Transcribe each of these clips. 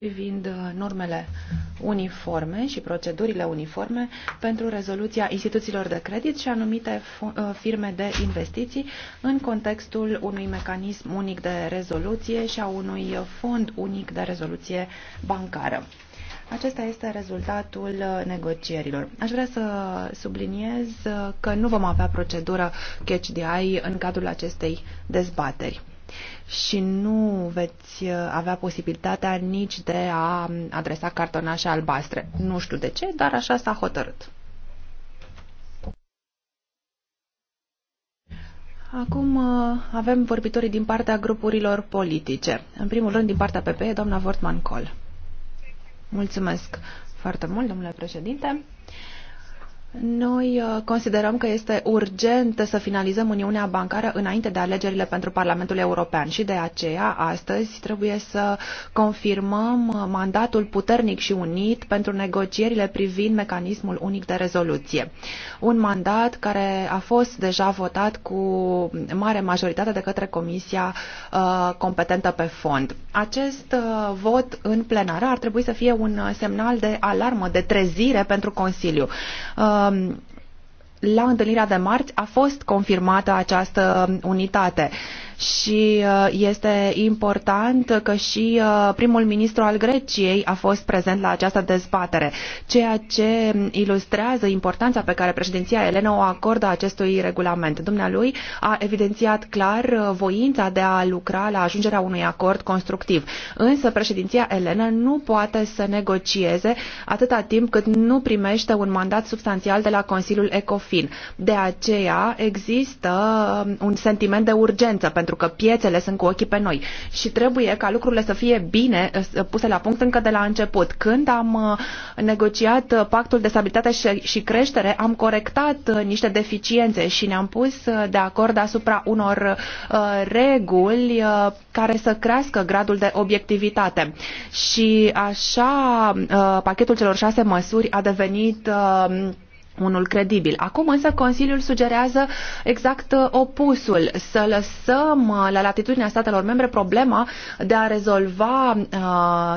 privind uh, normele uniforme și procedurile uniforme pentru rezoluția instituțiilor de credit și anumite uh, firme de investiții în contextul unui mecanism unic de rezoluție și a unui fond unic de rezoluție bancară. Acesta este rezultatul uh, negocierilor. Aș vrea să subliniez că nu vom avea procedură catch the eye în cadrul acestei dezbateri și nu veți uh, avea posibilitatea nici de a adresa cartonașe albastre. Nu știu de ce, dar așa s-a hotărât. Acum uh, avem vorbitorii din partea grupurilor politice. În primul rând, din partea PPE, doamna Vortman Col. Mulțumesc foarte mult, domnule președinte. Noi uh, considerăm că este urgent să finalizăm Uniunea Bancară înainte de alegerile pentru Parlamentul European și de aceea astăzi trebuie să confirmăm uh, mandatul puternic și unit pentru negocierile privind mecanismul unic de rezoluție. Un mandat care a fost deja votat cu mare majoritate de către Comisia uh, competentă pe fond. Acest vot în plenară ar trebui să fie un semnal de alarmă, de trezire pentru Consiliu Um, la întâlnirea de marți a fost confirmată această unitate și uh, este important că și uh, primul ministru al Greciei a fost prezent la această dezbatere, ceea ce ilustrează importanța pe care președinția Elena o acordă acestui regulament. Dumnealui a evidențiat clar uh, voința de a lucra la ajungerea unui acord constructiv. Însă președinția Elena nu poate să negocieze atâta timp cât nu primește un mandat substanțial de la Consiliul ECOFIN. De aceea există um, un sentiment de urgență pentru pentru că piețele sunt cu ochii pe noi și trebuie ca lucrurile să fie bine eh, puse la punct încă de la început. Când am eh, negociat eh, pactul de stabilitate și creștere, am corectat niște deficiențe și ne-am pus de acord asupra unor reguli care să crească gradul de obiectivitate. Și așa, pachetul celor șase măsuri a devenit unul credibil. Acum însă Consiliul sugerează exact uh, opusul, să lăsăm uh, la latitudinea statelor membre problema de a rezolva uh,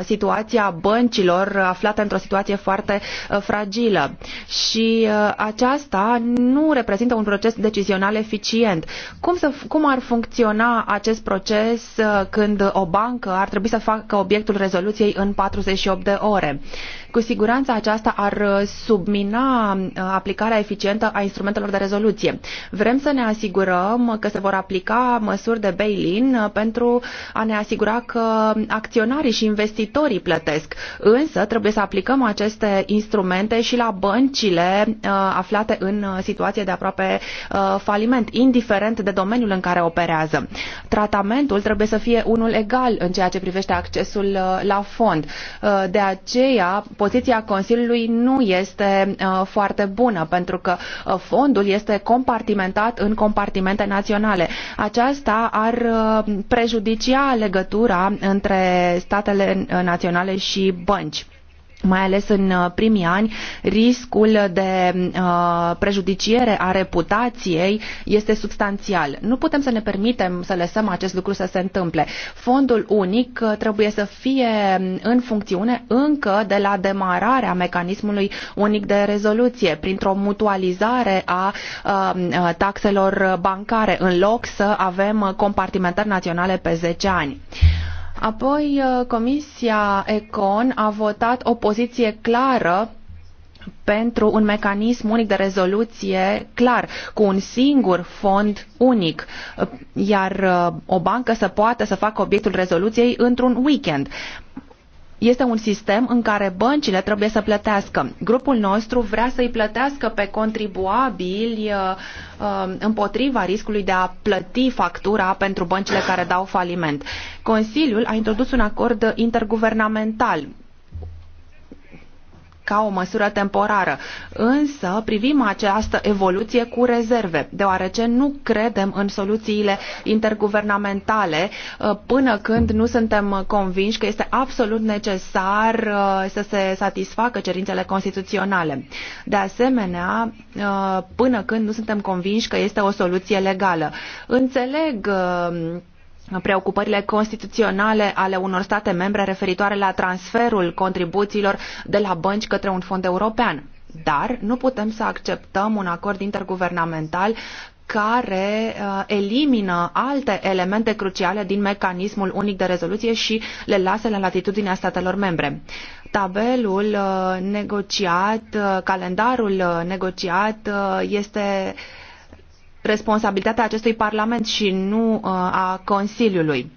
situația băncilor aflate într-o situație foarte uh, fragilă. Și uh, aceasta nu reprezintă un proces decizional eficient. Cum, să, cum ar funcționa acest proces uh, când o bancă ar trebui să facă obiectul rezoluției în 48 de ore? Uh, cu siguranță aceasta ar uh, submina uh, aplicarea eficientă a instrumentelor de rezoluție. Vrem să ne asigurăm că se vor aplica măsuri de bail-in uh, pentru a ne asigura că acționarii și investitorii plătesc. Însă trebuie să aplicăm aceste instrumente și la băncile aflate în situație de aproape faliment, indiferent de domeniul în care operează. Tratamentul trebuie să fie unul egal în ceea ce privește accesul la fond. De aceea, poziția Consiliului nu este uh, foarte bună, pentru că uh, fondul este compartimentat în compartimente naționale. Aceasta ar uh, prejudicia legătura între statele naționale și bănci mai ales în uh, primii ani, riscul de uh, prejudiciere a reputației este substanțial. Nu putem să ne permitem să lăsăm acest lucru să se întâmple. Fondul unic uh, trebuie să fie um, în funcțiune încă de la demararea mecanismului unic de rezoluție, printr-o mutualizare a um, uh, taxelor bancare, în loc să avem uh, compartimentări naționale pe 10 ani. Apoi, uh, Comisia Econ a votat o poziție clară pentru un mecanism unic de rezoluție clar, cu un singur fond unic, uh, iar uh, o bancă să poată să facă obiectul rezoluției într-un weekend este un sistem în care băncile trebuie să plătească. Grupul nostru vrea să-i plătească pe contribuabili uh, uh, împotriva riscului de a plăti factura pentru băncile care dau faliment. Consiliul a introdus un acord interguvernamental ca o măsură temporară, însă privim această evoluție cu rezerve, deoarece nu credem în soluțiile interguvernamentale uh, până când nu suntem convinși că este absolut necesar uh, să se satisfacă cerințele constituționale. De asemenea, uh, până când nu suntem convinși că este o soluție legală. Înțeleg preocupările constituționale ale unor state membre referitoare la transferul contribuțiilor de la bănci către un fond european. Dar nu putem să acceptăm un acord interguvernamental care uh, elimină alte elemente cruciale din mecanismul unic de rezoluție și le lasă la latitudinea statelor membre. Tabelul uh, negociat, uh, calendarul negociat este responsabilitatea acestui Parlament și nu uh, a Consiliului.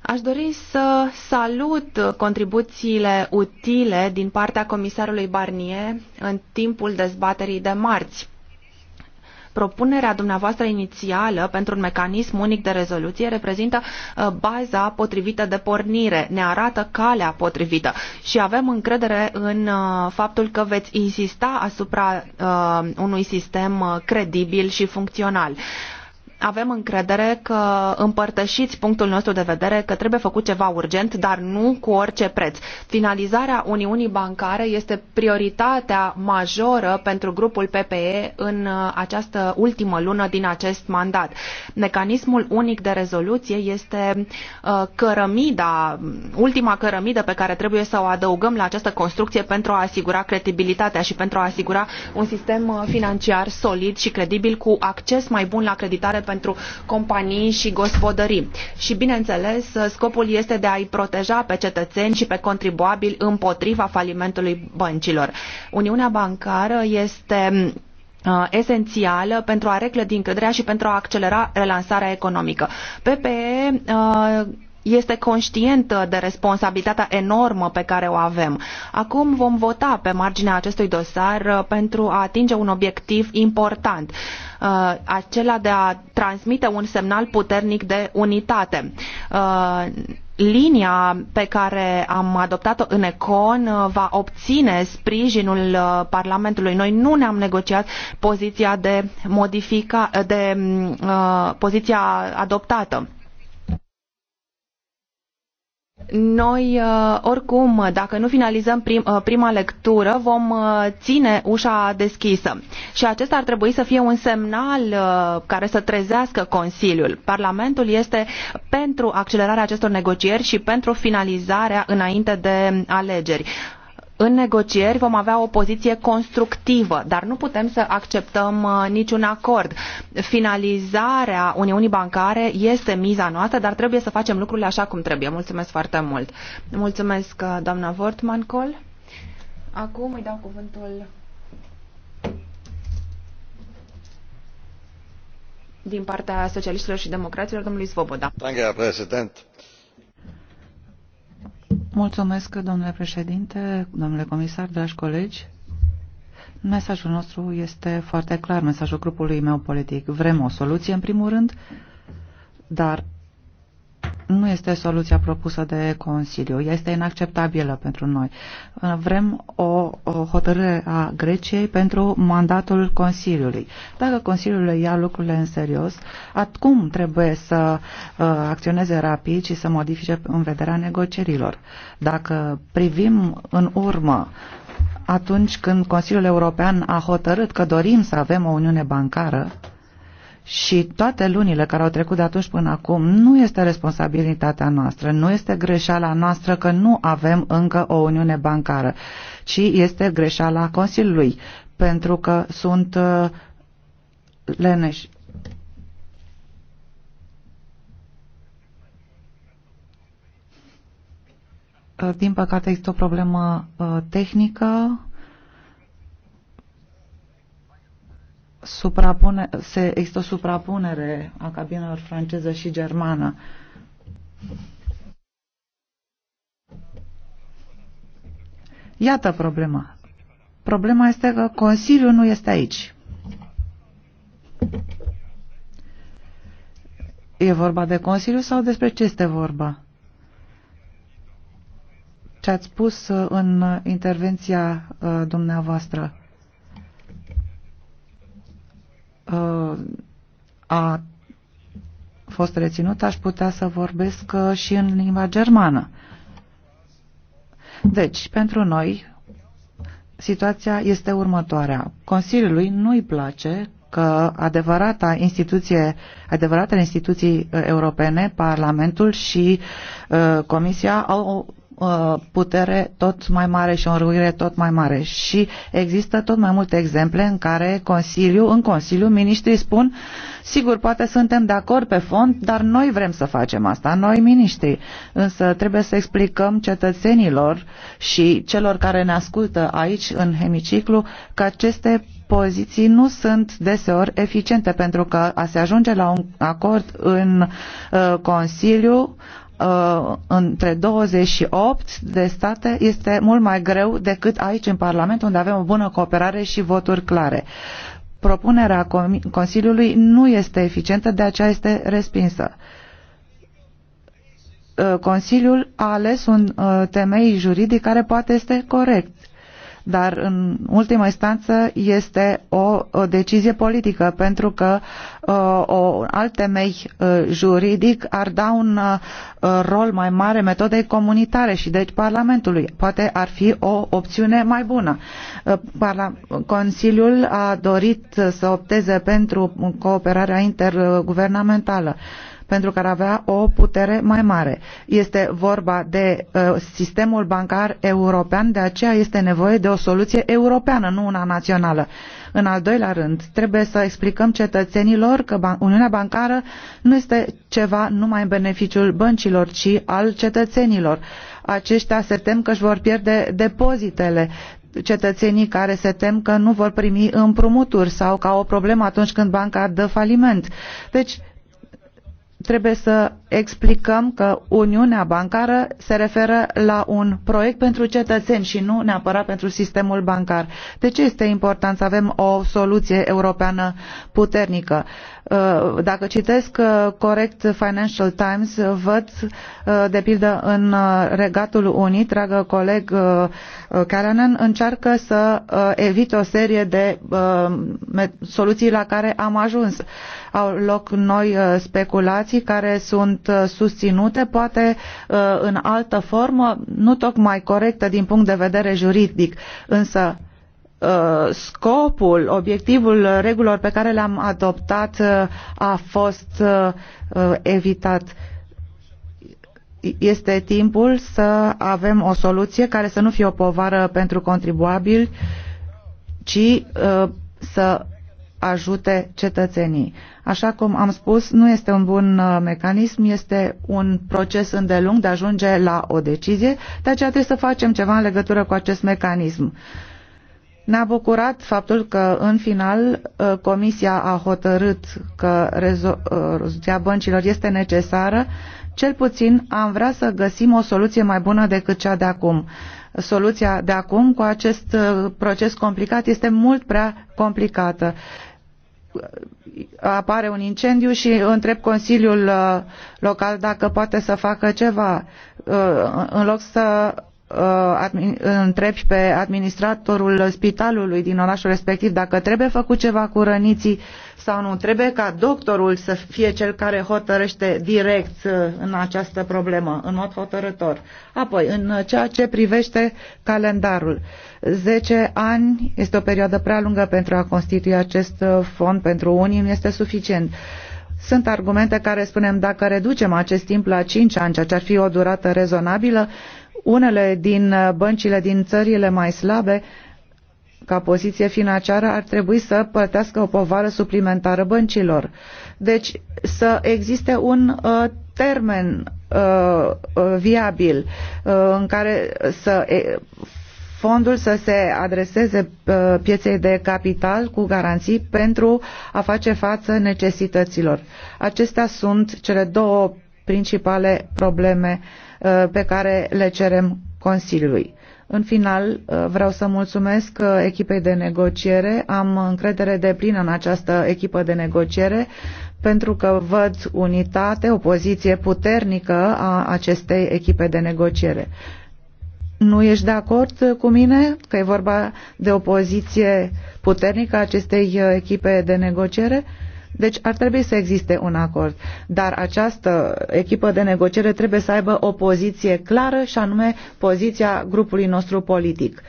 Aș dori să salut contribuțiile utile din partea comisarului Barnier în timpul dezbaterii de marți. Propunerea dumneavoastră inițială pentru un mecanism unic de rezoluție reprezintă uh, baza potrivită de pornire, ne arată calea potrivită și avem încredere în uh, faptul că veți insista asupra uh, unui sistem credibil și funcțional avem încredere că împărtășiți punctul nostru de vedere că trebuie făcut ceva urgent, dar nu cu orice preț. Finalizarea Uniunii Bancare este prioritatea majoră pentru grupul PPE în uh, această ultimă lună din acest mandat. Mecanismul unic de rezoluție este uh, cărămida, ultima cărămidă pe care trebuie să o adăugăm la această construcție pentru a asigura credibilitatea și pentru a asigura un sistem uh, financiar solid și credibil cu acces mai bun la creditare pentru companii și gospodării. Și, bineînțeles, scopul este de a-i proteja pe cetățeni și pe contribuabili împotriva falimentului băncilor. Uniunea bancară este uh, esențială pentru a reclădi încrederea și pentru a accelera relansarea economică. PPE uh, este conștientă de responsabilitatea enormă pe care o avem. Acum vom vota pe marginea acestui dosar uh, pentru a atinge un obiectiv important, uh, acela de a transmite un semnal puternic de unitate uh, linia pe care am adoptat-o în Econ va obține sprijinul Parlamentului. Noi nu ne-am negociat poziția de modifica, de mm, uh, poziția adoptată. Noi, uh, oricum, dacă nu finalizăm prim, uh, prima lectură, vom uh, ține ușa deschisă. Și acesta ar trebui să fie un semnal care să trezească Consiliul. Parlamentul este pentru accelerarea acestor negocieri și pentru finalizarea înainte de alegeri în negocieri vom avea o poziție constructivă, dar nu putem să acceptăm uh, niciun acord. Finalizarea Uniunii Bancare este miza noastră, dar trebuie să facem lucrurile așa cum trebuie. Mulțumesc foarte mult. Mulțumesc, uh, doamna vortman col Acum îi dau cuvântul din partea socialiștilor și democraților, domnului Svoboda. Mulțumesc, domnule președinte, domnule comisar, dragi colegi. Mesajul nostru este foarte clar, mesajul grupului meu politic. Vrem o soluție, în primul rând, dar nu este soluția propusă de Consiliu. Este inacceptabilă pentru noi. Vrem o, o hotărâre a Greciei pentru mandatul Consiliului. Dacă Consiliul ia lucrurile în serios, acum trebuie să uh, acționeze rapid și să modifice în vederea negocierilor. Dacă privim în urmă atunci când Consiliul European a hotărât că dorim să avem o Uniune bancară, și toate lunile care au trecut de atunci până acum nu este responsabilitatea noastră, nu este greșeala noastră că nu avem încă o uniune bancară, ci este greșeala Consiliului, pentru că sunt uh, leneși. Uh, din păcate există o problemă uh, tehnică. suprapune, se, există o suprapunere a cabinelor franceză și germană. Iată problema. Problema este că Consiliul nu este aici. E vorba de Consiliu sau despre ce este vorba? Ce ați spus uh, în intervenția uh, dumneavoastră? a fost reținut, aș putea să vorbesc uh, și în limba germană. Deci, pentru noi, situația este următoarea. Consiliului nu i place că adevărata instituție, adevăratele instituții uh, europene, Parlamentul și uh, Comisia au Uh, putere tot mai mare și o înruire tot mai mare. Și există tot mai multe exemple în care Consiliu, în Consiliu miniștrii spun sigur, poate suntem de acord pe fond, dar noi vrem să facem asta, noi miniștrii. Însă trebuie să explicăm cetățenilor și celor care ne ascultă aici în hemiciclu că aceste poziții nu sunt deseori eficiente pentru că a se ajunge la un acord în uh, Consiliu Uh, între 28 de state este mult mai greu decât aici în Parlament unde avem o bună cooperare și voturi clare. Propunerea Consiliului nu este eficientă, de aceea este respinsă. Uh, Consiliul a ales un uh, temei juridic care poate este corect dar în ultima instanță este o, o decizie politică, pentru că uh, o alt temei uh, juridic ar da un uh, rol mai mare metodei comunitare și deci Parlamentului. Poate ar fi o opțiune mai bună. Uh, Consiliul a dorit să opteze pentru cooperarea interguvernamentală. Uh, pentru că ar avea o putere mai mare. Este vorba de uh, sistemul bancar european, de aceea este nevoie de o soluție europeană, nu una națională. În al doilea rând, trebuie să explicăm cetățenilor că Uniunea Bancară nu este ceva numai în beneficiul băncilor, ci al cetățenilor. Aceștia se tem că își vor pierde depozitele, cetățenii care se tem că nu vor primi împrumuturi sau că au o problemă atunci când banca dă faliment. Deci trebuie să explicăm că Uniunea Bancară se referă la un proiect pentru cetățeni și nu neapărat pentru sistemul bancar. De ce este important să avem o soluție europeană puternică? Uh, dacă citesc uh, corect Financial Times, uh, văd, de pildă, în Regatul Unit, dragă coleg Callanan, încearcă să evite o serie de soluții la care am ajuns. Au loc noi speculații care sunt susținute, poate în altă formă, nu tocmai corectă din punct de vedere juridic, însă Uh, scopul, obiectivul regulilor pe care le-am adoptat uh, a fost uh, evitat este timpul să avem o soluție care să nu fie o povară pentru contribuabili, ci să ajute cetățenii. Așa cum am spus, nu este un bun mecanism, este un proces îndelung de a ajunge la o decizie, de aceea trebuie să facem ceva în legătură cu acest mecanism. Uh, ne-a bucurat faptul că, în final, uh, Comisia a hotărât că uh, rezoluția băncilor este necesară. Cel puțin am vrea să găsim o soluție mai bună decât cea de acum. Soluția de acum cu acest uh, proces complicat este mult prea complicată apare un incendiu și întreb Consiliul local dacă poate să facă ceva în loc să Uh, întrebi pe administratorul spitalului din orașul respectiv dacă trebuie făcut ceva cu răniții sau nu. Trebuie ca doctorul să fie cel care hotărăște direct uh, în această problemă, în mod hotărător. Apoi, în ceea ce privește calendarul, 10 ani este o perioadă prea lungă pentru a constitui acest uh, fond, pentru unii nu este suficient. Sunt argumente care spunem dacă reducem acest timp la 5 ani, ceea ce ar fi o durată rezonabilă, unele din uh, băncile din țările mai slabe ca poziție financiară ar trebui să plătească o povară suplimentară băncilor. Deci să existe un uh, termen uh, uh viabil uh, în care să uh, fondul să se adreseze uh, pieței de capital cu garanții pentru a face față necesităților. Acestea sunt cele două principale probleme uh, Uh, pe care le cerem Consiliului. În final, uh, vreau să mulțumesc uh, echipei de negociere. Am încredere de plină în această echipă de negociere pentru că văd unitate, o poziție puternică a acestei echipe de negociere. Nu ești de acord cu mine că e vorba de o poziție puternică a acestei echipe de negociere? Deci ar trebui să existe un acord, dar această echipă de negociere trebuie să aibă o poziție clară și anume poziția grupului nostru politic.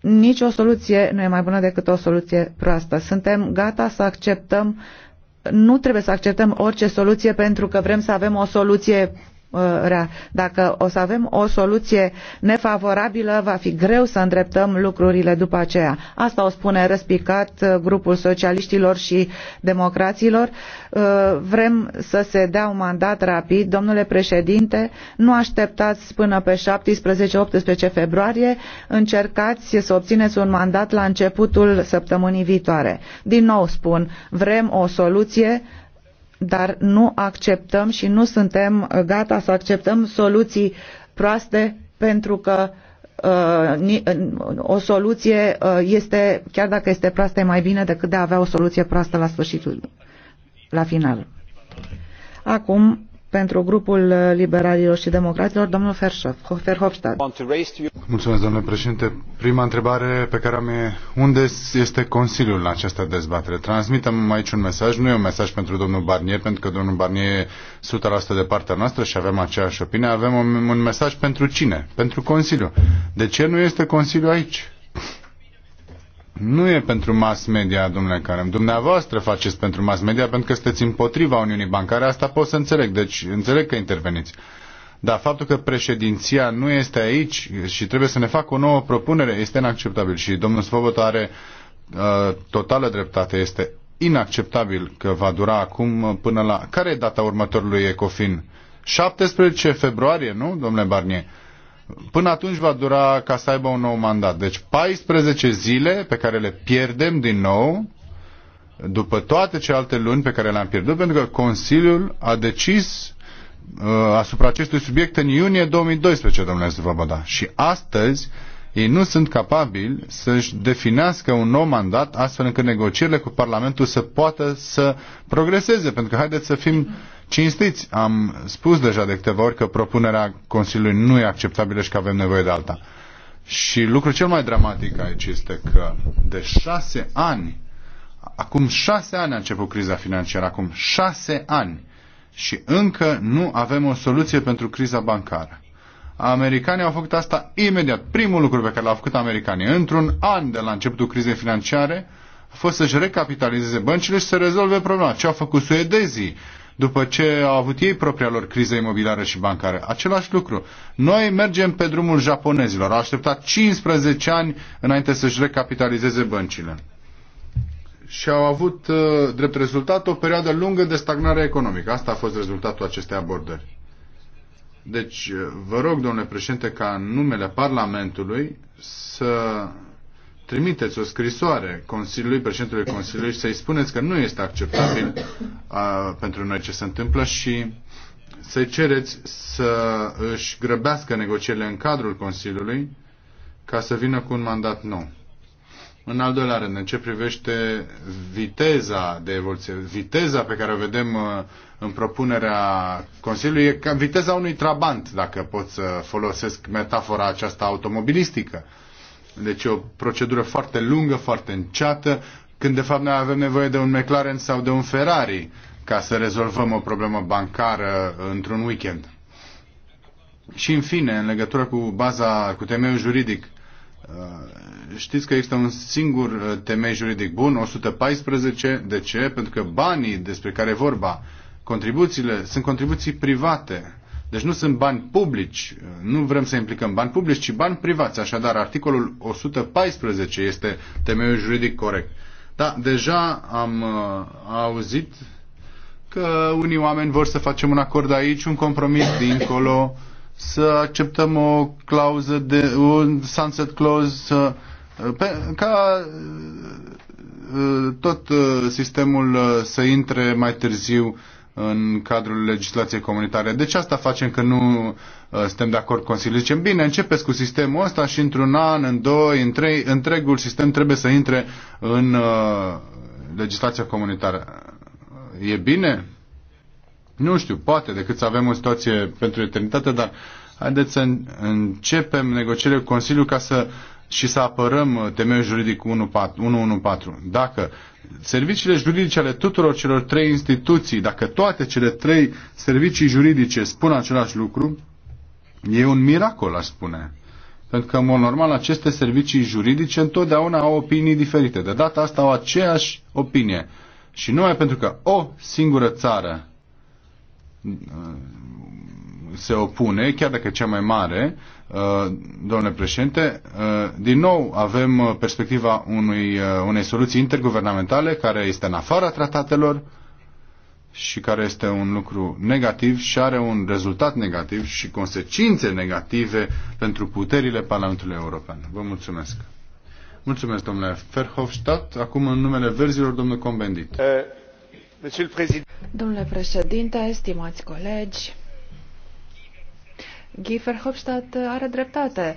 Nici o soluție nu e mai bună decât o soluție proastă. Suntem gata să acceptăm nu trebuie să acceptăm orice soluție pentru că vrem să avem o soluție rea. Dacă o să avem o soluție nefavorabilă, va fi greu să îndreptăm lucrurile după aceea. Asta o spune răspicat uh, grupul socialiștilor și democraților. Uh, vrem să se dea un mandat rapid. Domnule președinte, nu așteptați până pe 17-18 februarie. Încercați să obțineți un mandat la începutul săptămânii viitoare. Din nou spun, vrem o soluție dar nu acceptăm și nu suntem uh, gata să acceptăm soluții proaste pentru că uh, uh, o soluție este, chiar dacă este proastă, e mai bine decât de a avea o soluție proastă la sfârșitul, la final. Acum pentru grupul liberalilor și democraților, domnul Verhofstadt. Mulțumesc, domnule președinte. Prima întrebare pe care am e, unde este Consiliul în această dezbatere? Transmitem aici un mesaj, nu e un mesaj pentru domnul Barnier, pentru că domnul Barnier e 100% de partea noastră și avem aceeași opinie, avem un, un mesaj pentru cine? Pentru Consiliu. De ce nu este Consiliul aici? nu e pentru mass media, domnule Carem. Dumneavoastră faceți pentru mass media pentru că sunteți împotriva Uniunii Bancare. Asta pot să înțeleg. Deci înțeleg că interveniți. Dar faptul că președinția nu este aici și trebuie să ne facă o nouă propunere este inacceptabil. Și domnul Svobot are uh, totală dreptate. Este inacceptabil că va dura acum până la... Care e data următorului Ecofin? 17 februarie, nu, domnule Barnier? Până atunci va dura ca să aibă un nou mandat. Deci 14 zile pe care le pierdem din nou după toate celelalte luni pe care le-am pierdut, pentru că Consiliul a decis uh, asupra acestui subiect în iunie 2012, domnule Zvoboda. Și astăzi uh, ei nu sunt capabili să-și definească un nou mandat astfel încât negocierile cu Parlamentul să poată să progreseze. Pentru că haideți să fim cinstiți. Am spus deja de câteva ori că propunerea Consiliului nu e acceptabilă și că avem nevoie de alta. Și lucrul cel mai dramatic aici este că de șase ani, acum șase ani a început criza financiară, acum șase ani, și încă nu avem o soluție pentru criza bancară. Americanii au făcut asta imediat. Primul lucru pe care l-au făcut americanii într-un an de la începutul crizei financiare a fost să-și recapitalizeze băncile și să rezolve problema. Ce au făcut suedezii după ce au avut ei propria lor criză imobiliară și bancară? Același lucru. Noi mergem pe drumul japonezilor. Au așteptat 15 ani înainte să-și recapitalizeze băncile și au avut uh, drept rezultat o perioadă lungă de stagnare economică. Asta a fost rezultatul acestei abordări. Deci, vă rog, domnule președinte, ca în numele Parlamentului să trimiteți o scrisoare Consiliului, președintelui Consiliului și să-i spuneți că nu este acceptabil a, pentru noi ce se întâmplă și să i cereți să își grăbească negocierile în cadrul Consiliului ca să vină cu un mandat nou. În al doilea rând, în ce privește viteza de evoluție, viteza pe care o vedem în propunerea Consiliului e ca viteza unui trabant, dacă pot să folosesc metafora aceasta automobilistică. Deci e o procedură foarte lungă, foarte înceată, când de fapt noi avem nevoie de un McLaren sau de un Ferrari ca să rezolvăm o problemă bancară într-un weekend. Și în fine, în legătură cu baza, cu temeiul juridic, uh, știți că există un singur uh, temei juridic bun, 114. De ce? Pentru că banii despre care e vorba Contribuțiile sunt contribuții private. Deci nu sunt bani publici, nu vrem să implicăm bani publici, ci bani privați. Așadar, articolul 114 este temeiul juridic corect. Da, deja am uh, auzit că unii oameni vor să facem un acord aici, un compromis dincolo, să acceptăm o clauză de un sunset clause, uh, pe, ca uh, uh, tot uh, sistemul să intre mai târziu în cadrul legislației comunitare. Deci asta facem că nu uh, suntem de acord cu Consiliul. Zicem, bine, începeți cu sistemul ăsta și într-un an, în doi, în trei, întregul sistem trebuie să intre în uh, legislația comunitară. E bine? Nu știu, poate, decât să avem o situație pentru eternitate, dar haideți să începem negocierile cu Consiliul ca să uh, și să apărăm uh, temeiul juridic 114. Dacă serviciile juridice ale tuturor celor trei instituții, dacă toate cele trei servicii juridice spun același lucru, e un miracol, aș spune. Pentru că, în mod normal, aceste servicii juridice întotdeauna au opinii diferite. De data asta au aceeași opinie. Și numai pentru că o singură țară uh, se opune, chiar dacă cea mai mare, Uh, domnule președinte, uh, din nou avem uh, perspectiva unui, unei soluții interguvernamentale care este în afara tratatelor și care este un lucru negativ și are un rezultat negativ și consecințe negative pentru puterile Parlamentului European. Vă mulțumesc. Mulțumesc, domnule Ferhofstadt. Acum, în numele verzilor, domnul Combendit. Eh, domnule președinte, estimați colegi, Guy Verhofstadt are dreptate.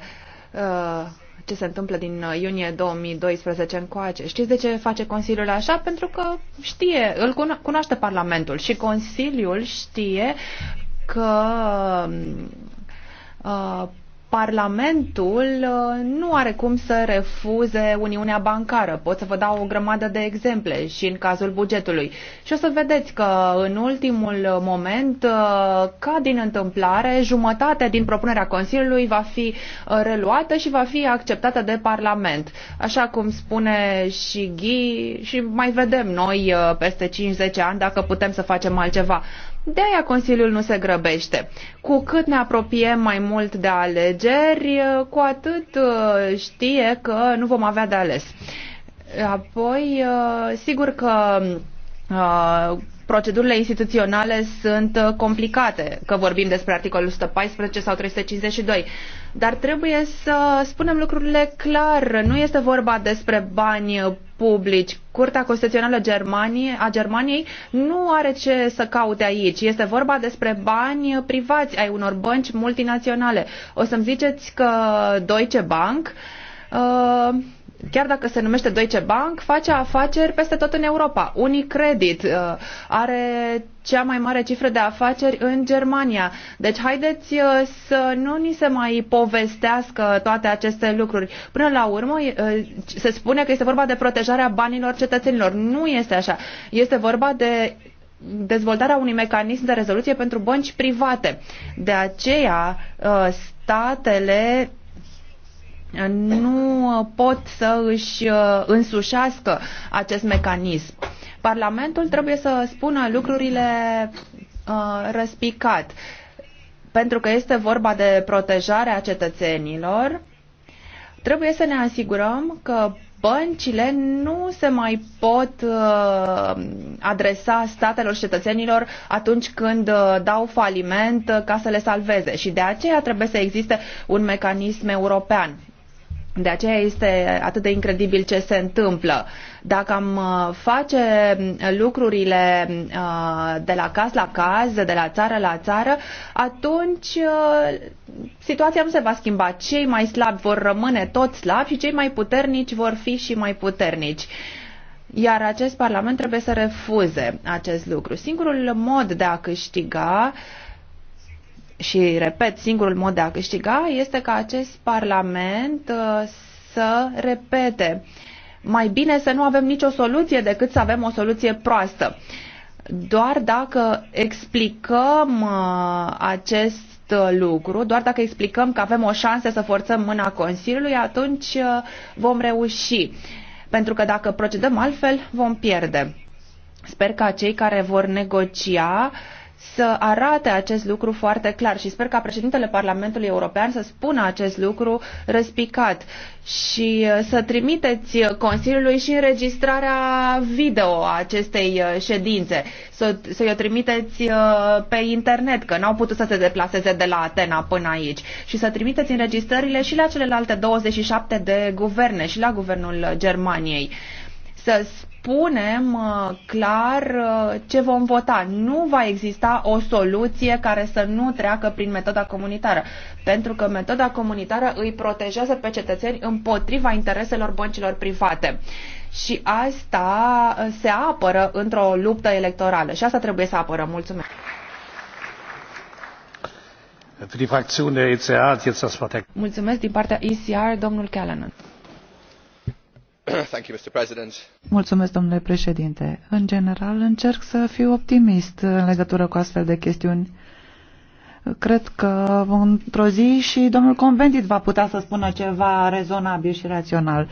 Uh, ce se întâmplă din uh, iunie 2012 încoace. Știți de ce face Consiliul așa? Pentru că știe, îl cunoaște Parlamentul și Consiliul știe că uh, Parlamentul uh, nu are cum să refuze Uniunea Bancară. Pot să vă dau o grămadă de exemple și în cazul bugetului. Și o să vedeți că în ultimul moment, uh, ca din întâmplare, jumătate din propunerea Consiliului va fi uh, reluată și va fi acceptată de Parlament. Așa cum spune și Ghi, și mai vedem noi peste 5-10 ani dacă putem să facem altceva. De aia Consiliul nu se grăbește. Cu cât ne apropiem mai mult de alegeri, cu atât uh, știe că nu vom avea de ales. Apoi, uh, sigur că uh, procedurile instituționale sunt complicate, că vorbim despre articolul 114 sau 352, dar trebuie să spunem lucrurile clar. Nu este vorba despre bani publici. Curtea Constituțională Germanie, a Germaniei nu are ce să caute aici. Este vorba despre bani privați ai unor bănci multinaționale. O să-mi ziceți că Deutsche Bank uh, chiar dacă se numește Deutsche Bank, face afaceri peste tot în Europa. Unicredit uh, are cea mai mare cifră de afaceri în Germania. Deci haideți uh, să nu ni se mai povestească toate aceste lucruri. Până la urmă uh, se spune că este vorba de protejarea banilor cetățenilor. Nu este așa. Este vorba de dezvoltarea unui mecanism de rezoluție pentru bănci private. De aceea statele nu pot să își uh, însușească acest mecanism. Parlamentul trebuie să spună lucrurile uh, răspicat, pentru că este vorba de protejarea cetățenilor. Trebuie să ne asigurăm că băncile nu se mai pot uh, adresa statelor cetățenilor atunci când dau faliment ca să le salveze și de aceea trebuie să existe un mecanism european. De aceea este atât de incredibil ce se întâmplă. Dacă am uh, face lucrurile uh, de la caz la caz, de la țară la țară, atunci uh, situația nu se va schimba. Cei mai slabi vor rămâne tot slabi și cei mai puternici vor fi și mai puternici. Iar acest Parlament trebuie să refuze acest lucru. Singurul mod de a câștiga uh, și repet, singurul mod de a câștiga este ca acest Parlament uh, să repete. Mai bine să nu avem nicio soluție decât să avem o soluție proastă. Doar dacă explicăm uh, acest lucru, doar dacă explicăm că avem o șansă să forțăm mâna Consiliului, atunci uh, vom reuși. Pentru că dacă procedăm altfel, vom pierde. Sper ca cei care vor negocia uh, să arate acest lucru foarte clar și sper ca președintele Parlamentului European să spună acest lucru răspicat și uh, să trimiteți Consiliului și înregistrarea video a acestei uh, ședințe, să, să o trimiteți uh, pe internet, că n-au putut să se deplaseze de la Atena până aici, și să trimiteți înregistrările și la celelalte 27 de guverne și la guvernul Germaniei. Să spunem uh, clar uh, ce vom vota. Nu va exista o soluție care să nu treacă prin metoda comunitară, pentru că metoda comunitară îi protejează pe cetățeni împotriva intereselor băncilor private. Și asta uh, se apără într-o luptă electorală și asta trebuie să apără. Mulțumesc! Mulțumesc din partea ECR, domnul Callanan. Mulțumesc, domnule președinte. În general, încerc să fiu optimist în legătură cu astfel de chestiuni. Cred că într-o zi și domnul Conventit va putea să spună ceva rezonabil și rațional.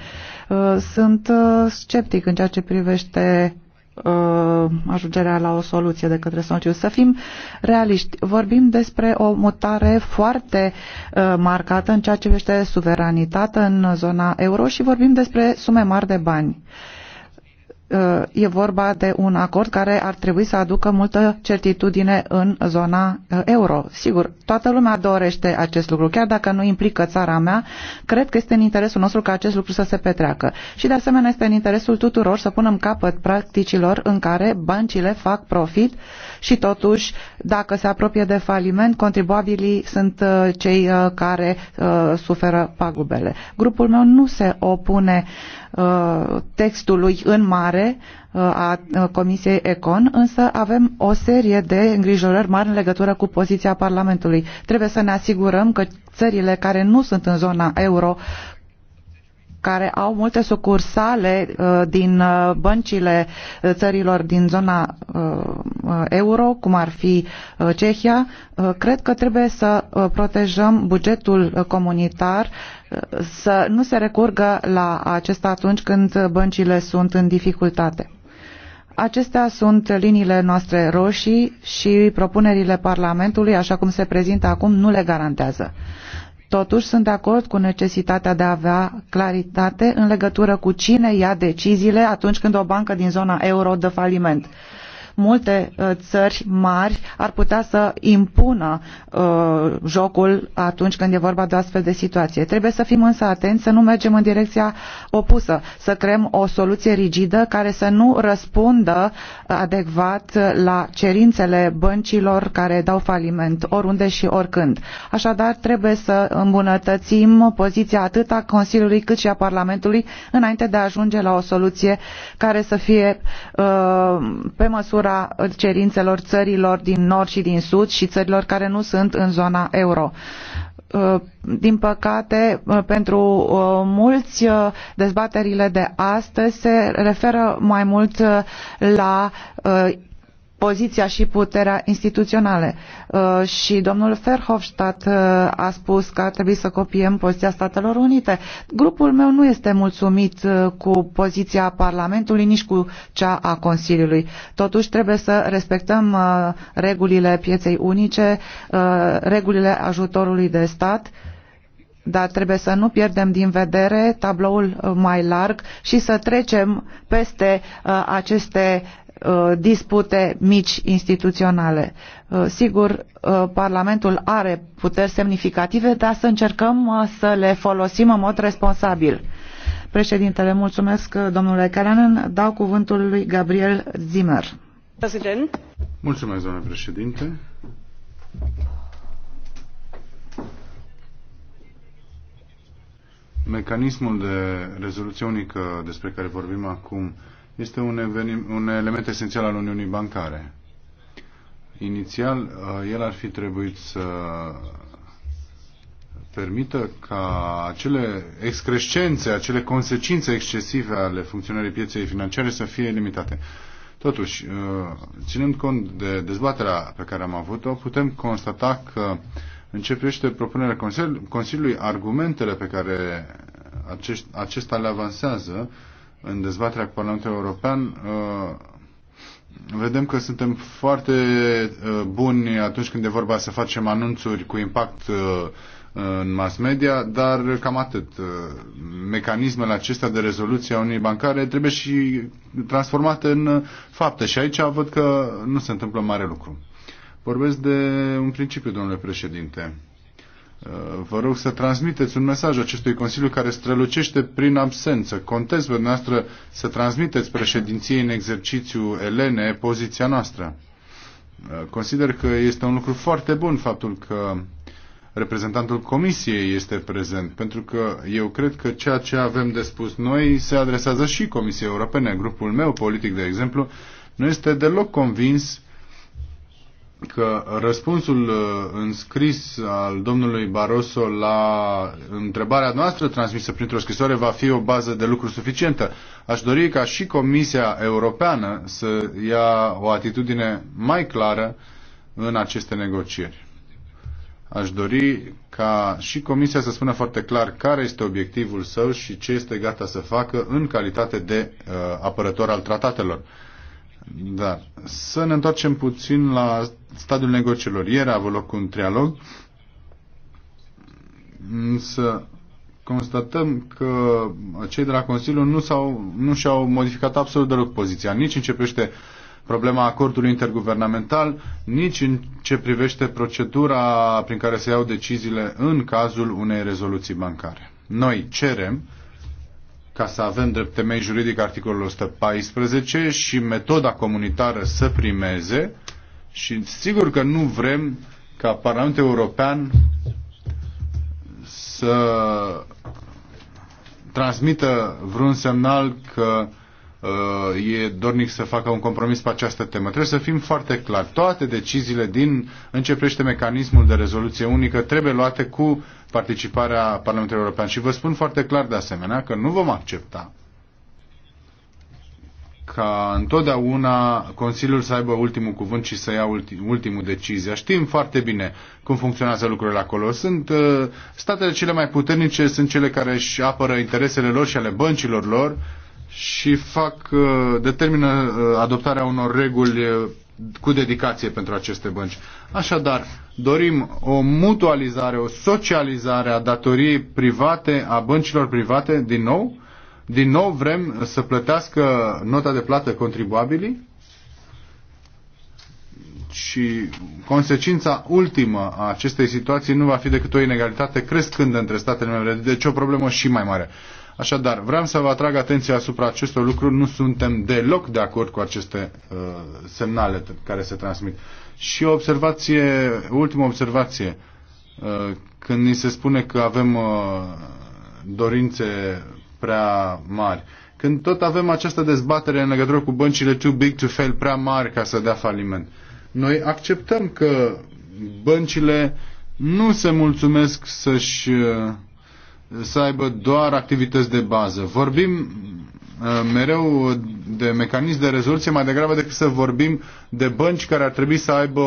Sunt uh, sceptic în ceea ce privește Uh, ajungerea la o soluție de către Sociu. Să fim realiști. Vorbim despre o mutare foarte uh, marcată în ceea ce privește suveranitatea în zona euro și vorbim despre sume mari de bani. Uh, e vorba de un acord care ar trebui să aducă multă certitudine în zona uh, euro. Sigur, toată lumea dorește acest lucru, chiar dacă nu implică țara mea, cred că este în interesul nostru ca acest lucru să se petreacă. Și de asemenea este în interesul tuturor să punem capăt practicilor în care băncile fac profit și totuși, dacă se apropie de faliment, contribuabilii sunt uh, cei care suferă pagubele. Grupul meu nu se opune uh, Uh, textului în mare uh, a uh, Comisiei Econ, însă avem o serie de îngrijorări mari în legătură cu poziția Parlamentului. Trebuie să ne asigurăm că țările care nu sunt în zona euro care au multe sucursale din băncile țărilor din zona euro, cum ar fi Cehia, cred că trebuie să protejăm bugetul comunitar să nu se recurgă la acesta atunci când băncile sunt în dificultate. Acestea sunt liniile noastre roșii și propunerile Parlamentului, așa cum se prezintă acum, nu le garantează. Totuși, sunt de acord cu necesitatea de a avea claritate în legătură cu cine ia deciziile atunci când o bancă din zona euro dă faliment multe uh, țări mari ar putea să impună uh, jocul atunci când e vorba de astfel de situație. Trebuie să fim însă atenți să nu mergem în direcția opusă, să creăm o soluție rigidă care să nu răspundă adecvat la cerințele băncilor care dau faliment oriunde și oricând. Așadar, trebuie să îmbunătățim poziția atât a Consiliului cât și a Parlamentului înainte de a ajunge la o soluție care să fie uh, pe măsură măsura cerințelor țărilor din nord și din sud și țărilor care nu sunt în zona euro uh, din păcate, uh, pentru uh, mulți, dezbaterile de astăzi se referă mai mult la poziția și puterea instituționale. Uh, și domnul Verhofstadt uh, a spus că ar trebui să copiem poziția Statelor Unite. Grupul meu nu este mulțumit uh, cu poziția Parlamentului, nici cu cea a Consiliului. Totuși trebuie să respectăm regulile pieței unice, regulile ajutorului de stat dar trebuie să nu pierdem din vedere tabloul mai larg și să trecem peste uh, aceste Uh, dispute mici instituționale. Uh, sigur, uh, Parlamentul are puteri semnificative, dar să încercăm să le folosim în mod responsabil. Președintele, mulțumesc, domnule Caranen. Dau cuvântul lui Gabriel Zimmer. President. Mulțumesc, domnule președinte. Mecanismul de rezoluție unică despre care vorbim acum este un, evenim, un element esențial al Uniunii Bancare. Inițial, uh, el ar fi trebuit să permită ca acele excrescențe, acele consecințe excesive ale funcționării pieței financiare să fie limitate. Totuși, uh, ținând cont de dezbaterea pe care am avut-o, putem constata că în ce privește propunerea Consiliului, argumentele pe care acest, acesta le avansează în dezbaterea cu Parlamentul European, uh, vedem că suntem foarte uh, buni atunci când e vorba să facem anunțuri cu impact uh, în mass media, dar cam atât. Mecanismele acestea de rezoluție a unii bancare trebuie și transformate în fapte și aici văd că nu se întâmplă mare lucru. Vorbesc de un principiu, domnule președinte. Uh, vă rog să transmiteți un mesaj acestui Consiliu care strălucește prin absență. Contez pe noastră să transmiteți președinției în exercițiu Elene poziția noastră. Uh, consider că este un lucru foarte bun faptul că reprezentantul Comisiei este prezent, pentru că eu cred că ceea ce avem de spus noi se adresează și Comisiei Europene. Grupul meu politic, de exemplu, nu este deloc convins că răspunsul uh, înscris al domnului Barroso la întrebarea noastră transmisă printr-o scrisoare va fi o bază de lucru suficientă. Aș dori ca și Comisia Europeană să ia o atitudine mai clară în aceste negocieri. Aș dori ca și Comisia să spună foarte clar care este obiectivul său și ce este gata să facă în calitate de uh, apărător al tratatelor dar să ne întoarcem puțin la stadiul negocierilor. Ieri a avut loc un trialog, Să constatăm că cei de la Consiliu nu, s-au, nu și-au modificat absolut deloc poziția. Nici începește problema acordului interguvernamental, nici în ce privește procedura prin care se iau deciziile în cazul unei rezoluții bancare. Noi cerem ca să avem drept temei juridic articolul 114 și metoda comunitară să primeze și sigur că nu vrem ca Parlamentul European să transmită vreun semnal că Uh, e dornic să facă un compromis pe această temă. Trebuie să fim foarte clari. Toate deciziile din începește mecanismul de rezoluție unică trebuie luate cu participarea Parlamentului European. Și vă spun foarte clar de asemenea că nu vom accepta ca întotdeauna Consiliul să aibă ultimul cuvânt și să ia ultim, ultimul decizia. Știm foarte bine cum funcționează lucrurile acolo. Sunt uh, statele cele mai puternice, sunt cele care își apără interesele lor și ale băncilor lor și fac, uh, determină uh, adoptarea unor reguli uh, cu dedicație pentru aceste bănci. Așadar, dorim o mutualizare, o socializare a datoriei private, a băncilor private, din nou. Din nou vrem să plătească nota de plată contribuabilii și consecința ultimă a acestei situații nu va fi decât o inegalitate crescândă între statele membre, deci o problemă și mai mare. Așadar, vreau să vă atrag atenția asupra acestor lucruri. Nu suntem deloc de acord cu aceste uh, semnale care se transmit. Și o observație, ultima observație, uh, când ni se spune că avem uh, dorințe prea mari. Când tot avem această dezbatere în legătură cu băncile too big to fail, prea mari ca să dea faliment, noi acceptăm că băncile nu se mulțumesc să-și uh, să aibă doar activități de bază. Vorbim uh, mereu de mecanism de rezoluție mai degrabă decât să vorbim de bănci care ar trebui să aibă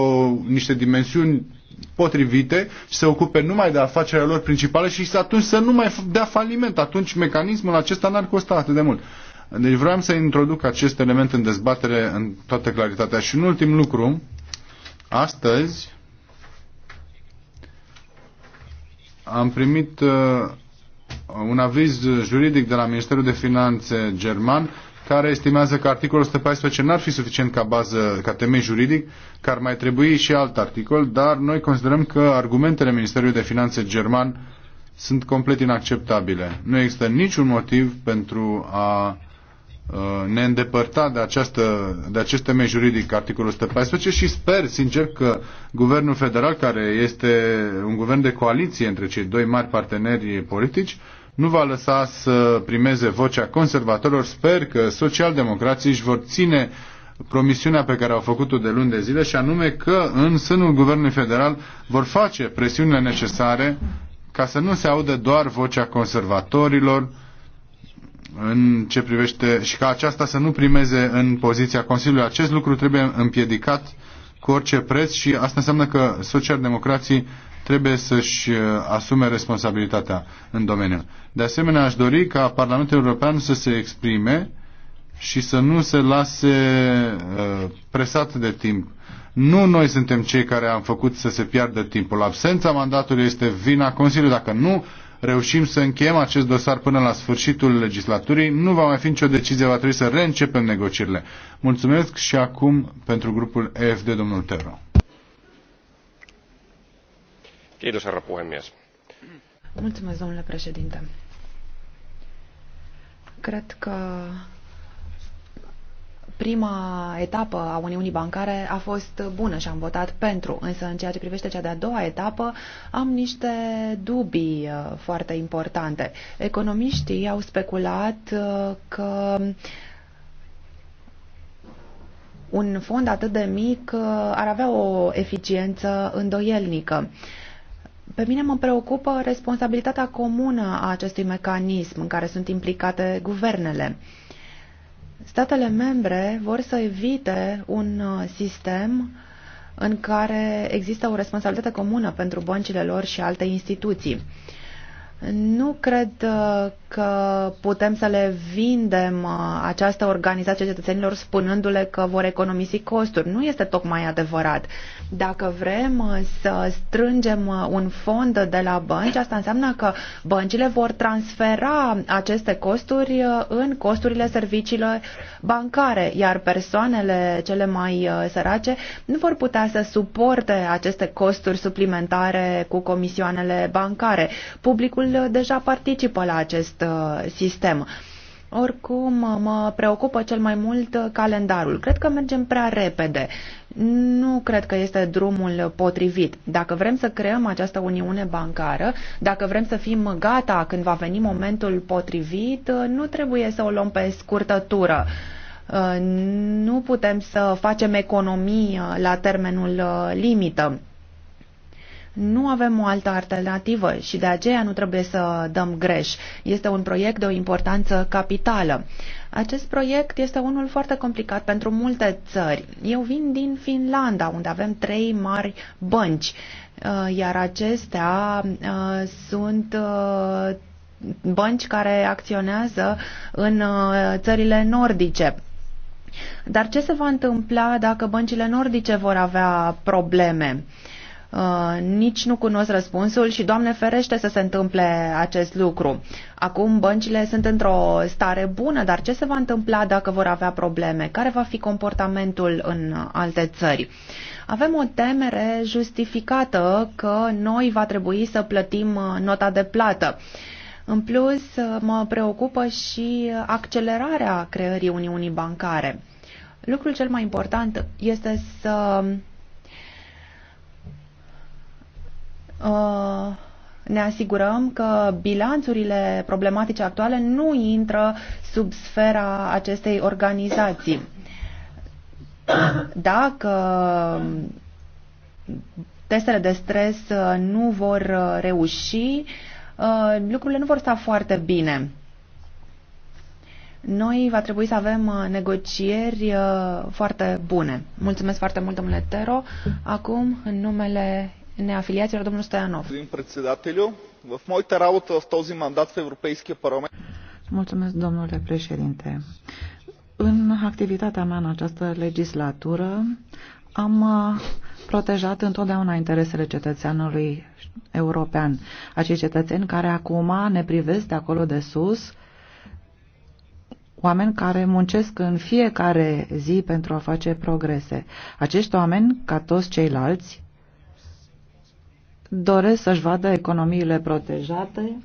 niște dimensiuni potrivite și să ocupe numai de afacerea lor principală și să atunci să nu mai dea faliment. Atunci mecanismul acesta n-ar costa atât de mult. Deci vreau să introduc acest element în dezbatere în toată claritatea. Și un ultim lucru, astăzi am primit uh, un aviz juridic de la Ministerul de Finanțe german care estimează că articolul 114 n-ar fi suficient ca bază, ca temei juridic, că ar mai trebui și alt articol, dar noi considerăm că argumentele Ministerului de Finanțe german sunt complet inacceptabile. Nu există niciun motiv pentru a uh, ne îndepărta de, această, de acest temei juridic, articolul 114, și sper sincer că Guvernul Federal, care este un guvern de coaliție între cei doi mari parteneri politici, nu va lăsa să primeze vocea conservatorilor. Sper că socialdemocrații își vor ține promisiunea pe care au făcut-o de luni de zile și anume că în sânul Guvernului Federal vor face presiunile necesare ca să nu se audă doar vocea conservatorilor în ce privește și ca aceasta să nu primeze în poziția Consiliului. Acest lucru trebuie împiedicat cu orice preț și asta înseamnă că socialdemocrații trebuie să-și uh, asume responsabilitatea în domeniu. De asemenea, aș dori ca Parlamentul European să se exprime și să nu se lase uh, presat de timp. Nu noi suntem cei care am făcut să se piardă timpul. Absența mandatului este vina Consiliului. Dacă nu reușim să încheiem acest dosar până la sfârșitul legislaturii, nu va mai fi nicio decizie, va trebui să reîncepem negocierile. Mulțumesc și acum pentru grupul EFD, domnul Tero. Mulțumesc, domnule președinte. Cred că prima etapă a Uniunii Bancare a fost bună și am votat pentru, însă în ceea ce privește cea de-a doua etapă am niște dubii uh, foarte importante. Economiștii au speculat uh, că un fond atât de mic uh, ar avea o eficiență îndoielnică. Pe mine mă preocupă responsabilitatea comună a acestui mecanism în care sunt implicate guvernele. Statele membre vor să evite un uh, sistem în care există o responsabilitate comună pentru băncile lor și alte instituții. Nu cred uh, că putem să le vindem uh, această organizație cetățenilor spunându-le că vor economisi costuri. Nu este tocmai adevărat. Dacă vrem uh, să strângem un fond de la bănci, asta înseamnă că băncile vor transfera aceste costuri în costurile serviciilor bancare, iar persoanele cele mai sărace nu vor putea să suporte aceste costuri suplimentare cu comisioanele bancare. Publicul copilul deja participă la acest uh, sistem. Oricum, mă preocupă cel mai mult calendarul. Cred că mergem prea repede. Nu cred că este drumul potrivit. Dacă vrem să creăm această uniune bancară, dacă vrem să fim gata când va veni momentul potrivit, nu trebuie să o luăm pe scurtătură. Uh, nu putem să facem economii uh, la termenul limită nu avem o altă alternativă și de aceea nu trebuie să dăm greș. Este un proiect de o importanță capitală. Acest proiect este unul foarte complicat pentru multe țări. Eu vin din Finlanda, unde avem trei mari bănci, uh, iar acestea uh, sunt uh, bănci care acționează în țările nordice. Dar ce se va întâmpla dacă băncile nordice vor avea probleme? Uh, Uh, nici nu cunosc răspunsul și, Doamne ferește, să se întâmple acest lucru. Acum băncile sunt într-o stare bună, dar ce se va întâmpla dacă vor avea probleme? Care va fi comportamentul în alte țări? Avem o temere justificată că noi va trebui să plătim uh, nota de plată. În plus, uh, mă preocupă și accelerarea creării Uniunii Bancare. Lucrul cel mai important este să Uh, ne asigurăm că bilanțurile problematice actuale nu intră sub sfera acestei organizații. Dacă testele de stres uh, nu vor uh, reuși, lucrurile nu vor sta foarte bine. Noi va trebui să avem negocieri foarte bune. Mulțumesc foarte mult, domnule Tero. Acum, în numele neafiliaților, domnul Stoianov. Mulțumesc, domnule președinte. În activitatea mea în această legislatură am uh, protejat întotdeauna interesele cetățeanului european. Acei cetățeni care acum ne privesc de acolo de sus, oameni care muncesc în fiecare zi pentru a face progrese. Acești oameni, ca toți ceilalți, doresc să-și vadă economiile protejate,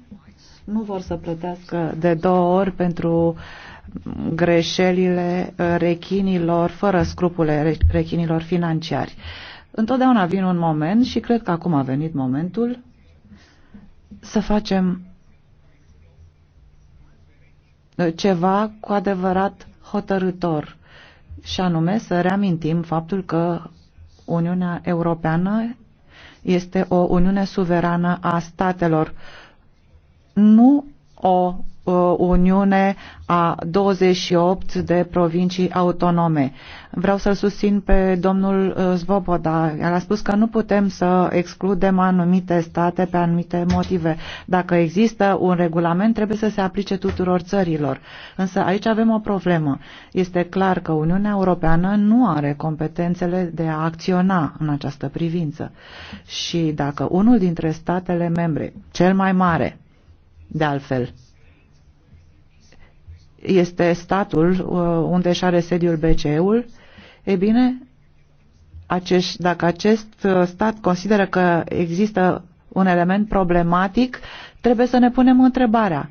nu vor să plătească de două ori pentru greșelile uh, rechinilor, fără scrupule rechinilor financiari. Întotdeauna vine un moment și cred că acum a venit momentul să facem uh, ceva cu adevărat hotărător și anume să reamintim faptul că Uniunea Europeană este o uniune suverană a statelor, nu o Uh, Uniune a 28 de provincii autonome. Vreau să-l susțin pe domnul Zvoboda. Uh, El a spus că nu putem să excludem anumite state pe anumite motive. Dacă există un regulament, trebuie să se aplice tuturor țărilor. Însă aici avem o problemă. Este clar că Uniunea Europeană nu are competențele de a acționa în această privință. Și dacă unul dintre statele membre, cel mai mare, de altfel, este statul uh, unde și are sediul BCE-ul, e bine, acești, dacă acest uh, stat consideră că există un element problematic, trebuie să ne punem întrebarea.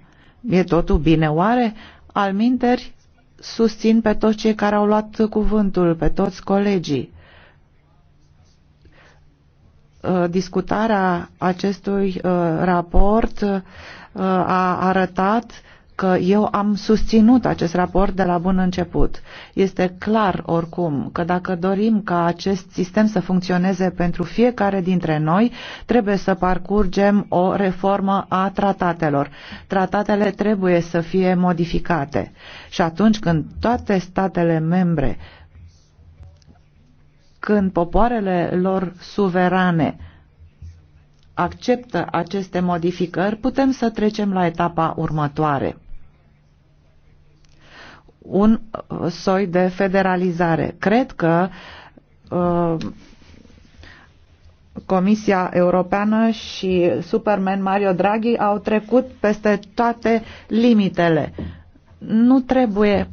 E totul bine oare? Alminteri susțin pe toți cei care au luat cuvântul, pe toți colegii. Uh, discutarea acestui raport a arătat că eu am susținut acest raport de la bun început. Este clar oricum că dacă dorim ca acest sistem să funcționeze pentru fiecare dintre noi, trebuie să parcurgem o reformă a tratatelor. Tratatele trebuie să fie modificate. Și atunci când toate statele membre, când popoarele lor suverane, acceptă aceste modificări, putem să trecem la etapa următoare un soi de federalizare. Cred că uh, Comisia Europeană și Superman Mario Draghi au trecut peste toate limitele. Nu trebuie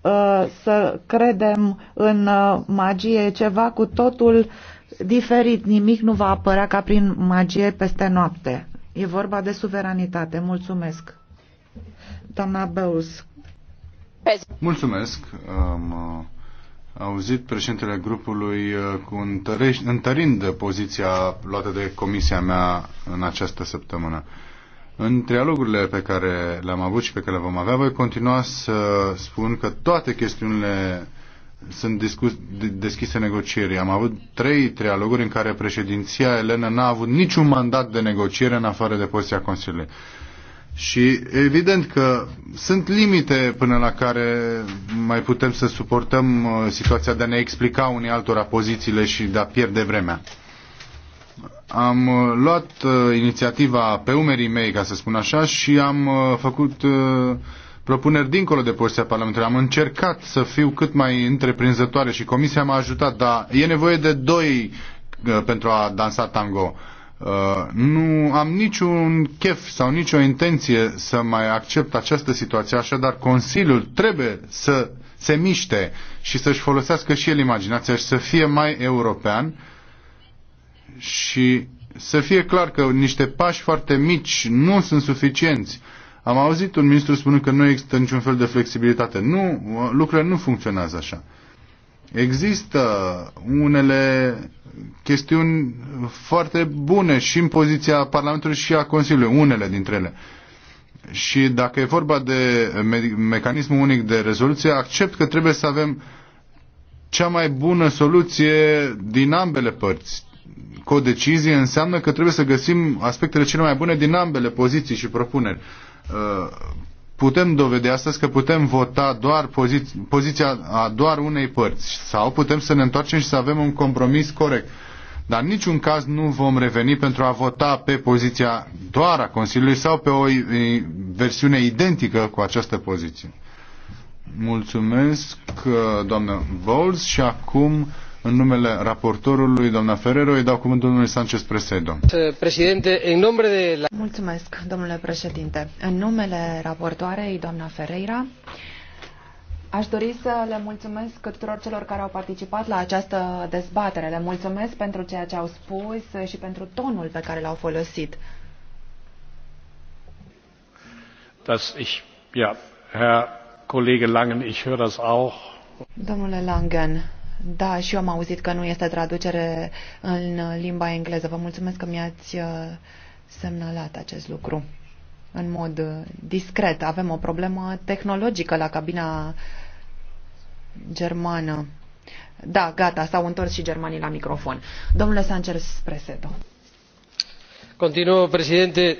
uh, să credem în uh, magie ceva cu totul diferit. Nimic nu va apărea ca prin magie peste noapte. E vorba de suveranitate. Mulțumesc. Doamna Beus, Mulțumesc. Am uh, auzit președintele grupului uh, cu întărind poziția luată de comisia mea în această săptămână. În trialogurile pe care le-am avut și pe care le vom avea, voi continua să spun că toate chestiunile sunt discus, deschise negocierii. Am avut trei trialoguri în care președinția Elena n-a avut niciun mandat de negociere în afară de poziția Consiliului. Și evident că sunt limite până la care mai putem să suportăm uh, situația de a ne explica unii altora pozițiile și de a pierde vremea. Am uh, luat uh, inițiativa pe umerii mei, ca să spun așa, și am făcut propuneri dincolo de poziția parlamentară. Am încercat să fiu cât mai întreprinzătoare și comisia m-a ajutat, dar e nevoie de doi pentru a dansa tango Uh, nu am niciun chef sau nicio intenție să mai accept această situație, așadar Consiliul trebuie să se miște și să-și folosească și el imaginația și să fie mai european și să fie clar că niște pași foarte mici nu sunt suficienți. Am auzit un ministru spunând că nu există niciun fel de flexibilitate. Nu, lucrurile nu funcționează așa. Există unele chestiuni foarte bune și în poziția Parlamentului și a Consiliului, unele dintre ele. Și dacă e vorba de me- mecanismul unic de rezoluție, accept că trebuie să avem cea mai bună soluție din ambele părți. Codecizie înseamnă că trebuie să găsim aspectele cele mai bune din ambele poziții și propuneri. Uh, putem dovedi astăzi că putem vota doar poziția, poziția a doar unei părți sau putem să ne întoarcem și să avem un compromis corect. Dar în niciun caz nu vom reveni pentru a vota pe poziția doar a Consiliului sau pe o versiune identică cu această poziție. Mulțumesc, doamnă Bowles, și acum în numele raportorului, doamna Ferrero, îi dau cuvântul domnului Sanchez Presedo. Președinte, în numele Mulțumesc, domnule președinte. În numele raportoarei, doamna Ferreira, Aș dori să le mulțumesc tuturor celor care au participat la această dezbatere. Le mulțumesc pentru ceea ce au spus și pentru tonul pe care l-au folosit. Das ich, ja, Herr Kollege Langen, ich höre das auch. Domnule Langen, da, și eu am auzit că nu este traducere în limba engleză. Vă mulțumesc că mi-ați uh, semnalat acest lucru în mod uh, discret. Avem o problemă tehnologică la cabina germană. Da, gata, s-au întors și germanii la microfon. Domnule Sanchez Presedo. Continuă, președinte.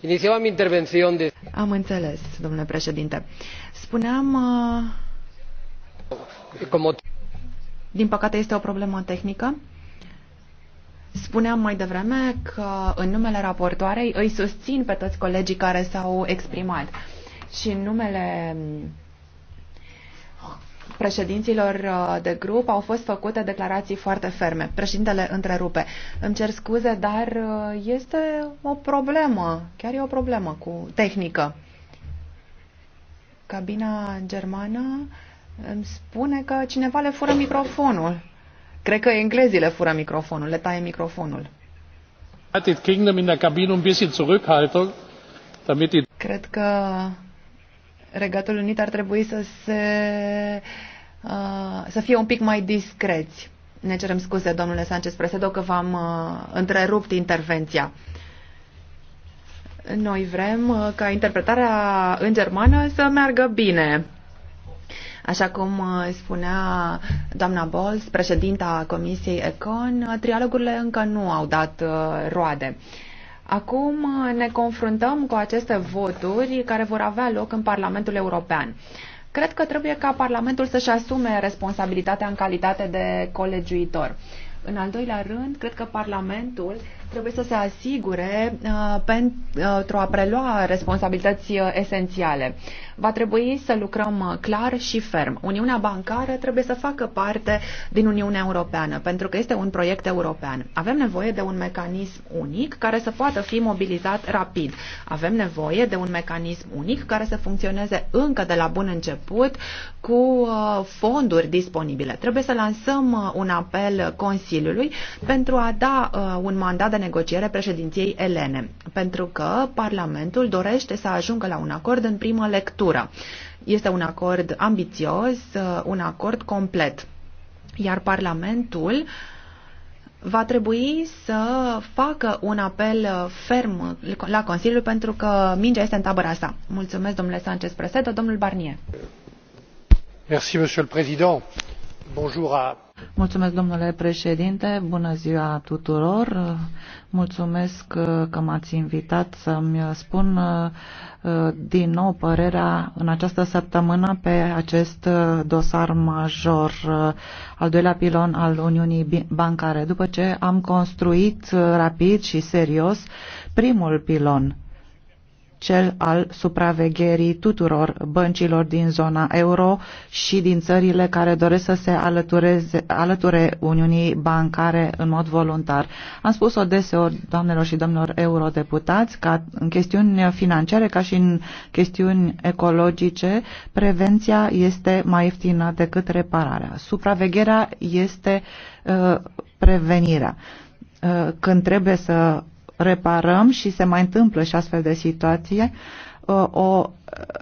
Inițiam intervenția de... Am înțeles, domnule președinte. Spuneam... Uh... Din păcate este o problemă tehnică. Spuneam mai devreme că în numele raportoarei îi susțin pe toți colegii care s-au exprimat și în numele mm, președinților uh, de grup au fost făcute declarații foarte ferme. Președintele întrerupe. Îmi cer scuze, dar uh, este o problemă, chiar e o problemă cu tehnică. Cabina germană îmi spune că cineva le fură microfonul. Cred că englezii le fură microfonul, le taie microfonul. Cred că Regatul Unit ar trebui să se uh, să fie un pic mai discreți. Ne cerem scuze, domnule Sanchez Presedo, că v-am uh, întrerupt intervenția. Noi vrem uh, ca interpretarea în germană să meargă bine. Așa cum uh, spunea doamna Bols, președinta Comisiei Econ, uh, trialogurile încă nu au dat uh, roade. Acum ne confruntăm cu aceste voturi care vor avea loc în Parlamentul European. Cred că trebuie ca Parlamentul să-și asume responsabilitatea în calitate de colegiuitor. În al doilea rând, cred că Parlamentul trebuie să se asigure uh, pentru uh, a prelua responsabilități uh, esențiale. Va trebui să lucrăm clar și ferm. Uniunea bancară trebuie să facă parte din Uniunea Europeană, pentru că este un proiect european. Avem nevoie de un mecanism unic care să poată fi mobilizat rapid. Avem nevoie de un mecanism unic care să funcționeze încă de la bun început cu fonduri disponibile. Trebuie să lansăm un apel Consiliului pentru a da un mandat de negociere președinției elene, pentru că Parlamentul dorește să ajungă la un acord în primă lectură. Este un acord ambițios, uh, un acord complet. Iar Parlamentul va trebui să facă un apel ferm la Consiliu pentru că mingea este în tabăra sa. Mulțumesc, domnule Sanchez Presedo, domnul Barnier. Merci, monsieur le président. Bonjour à Mulțumesc, domnule președinte, bună ziua tuturor. Mulțumesc că m-ați invitat să-mi spun din nou părerea în această săptămână pe acest dosar major, al doilea pilon al Uniunii Bancare, după ce am construit rapid și serios primul pilon cel al supravegherii tuturor băncilor din zona euro și din țările care doresc să se alătureze, alăture Uniunii Bancare în mod voluntar. Am spus-o deseori, doamnelor și domnilor eurodeputați, că în chestiuni financiare, ca și în chestiuni ecologice, prevenția este mai ieftină decât repararea. Supravegherea este uh, prevenirea. Uh, când trebuie să reparăm și se mai întâmplă și astfel de situație, uh, o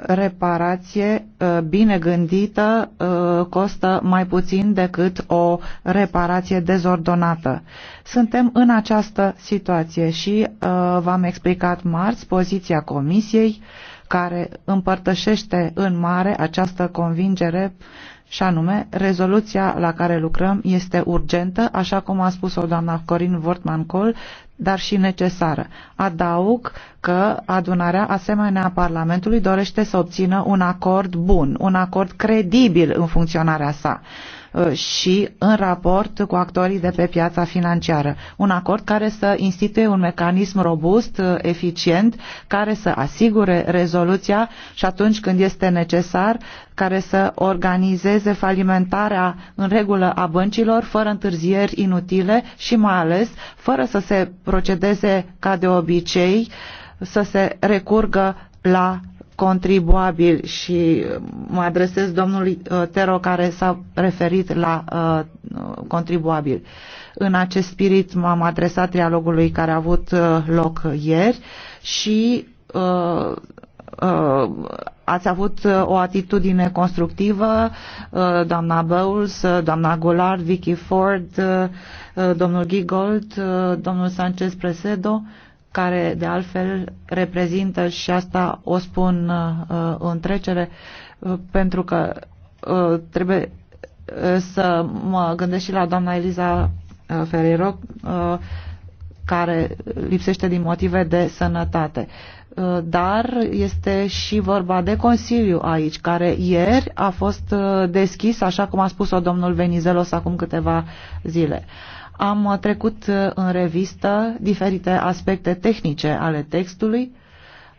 reparație uh, bine gândită uh, costă mai puțin decât o reparație dezordonată. Suntem în această situație și v-am explicat marți poziția Comisiei care împărtășește în mare această convingere și anume, rezoluția la care lucrăm este urgentă, așa cum a spus-o doamna Corin Wortman-Col, dar și necesară. Adaug că adunarea asemenea a Parlamentului dorește să obțină un acord bun, un acord credibil în funcționarea sa. Uh, și în raport cu actorii de pe piața financiară. Un acord care să instituie un mecanism robust, uh, eficient, care să asigure rezoluția și atunci când este necesar, care să organizeze falimentarea în regulă a băncilor fără întârzieri inutile și mai ales fără să se procedeze ca de obicei, să se recurgă la contribuabil și uh, mă adresez domnului uh, Tero care s-a referit la uh, contribuabil. În acest spirit m-am adresat dialogului care a avut loc ieri și ați avut o atitudine constructivă, doamna Bowles, doamna Goulart, Vicky Ford, domnul Gigold, domnul Sanchez Presedo, care de altfel reprezintă și asta o spun uh, uh, în trecere, uh, pentru că uh, trebuie uh, să mă gândesc și la doamna Eliza uh, uh, care lipsește din motive de sănătate. Uh, dar este și vorba de Consiliu aici, care ieri a fost uh, deschis, așa cum a spus-o domnul Venizelos acum câteva zile. Uh, am trecut uh, în revistă diferite aspecte tehnice ale textului,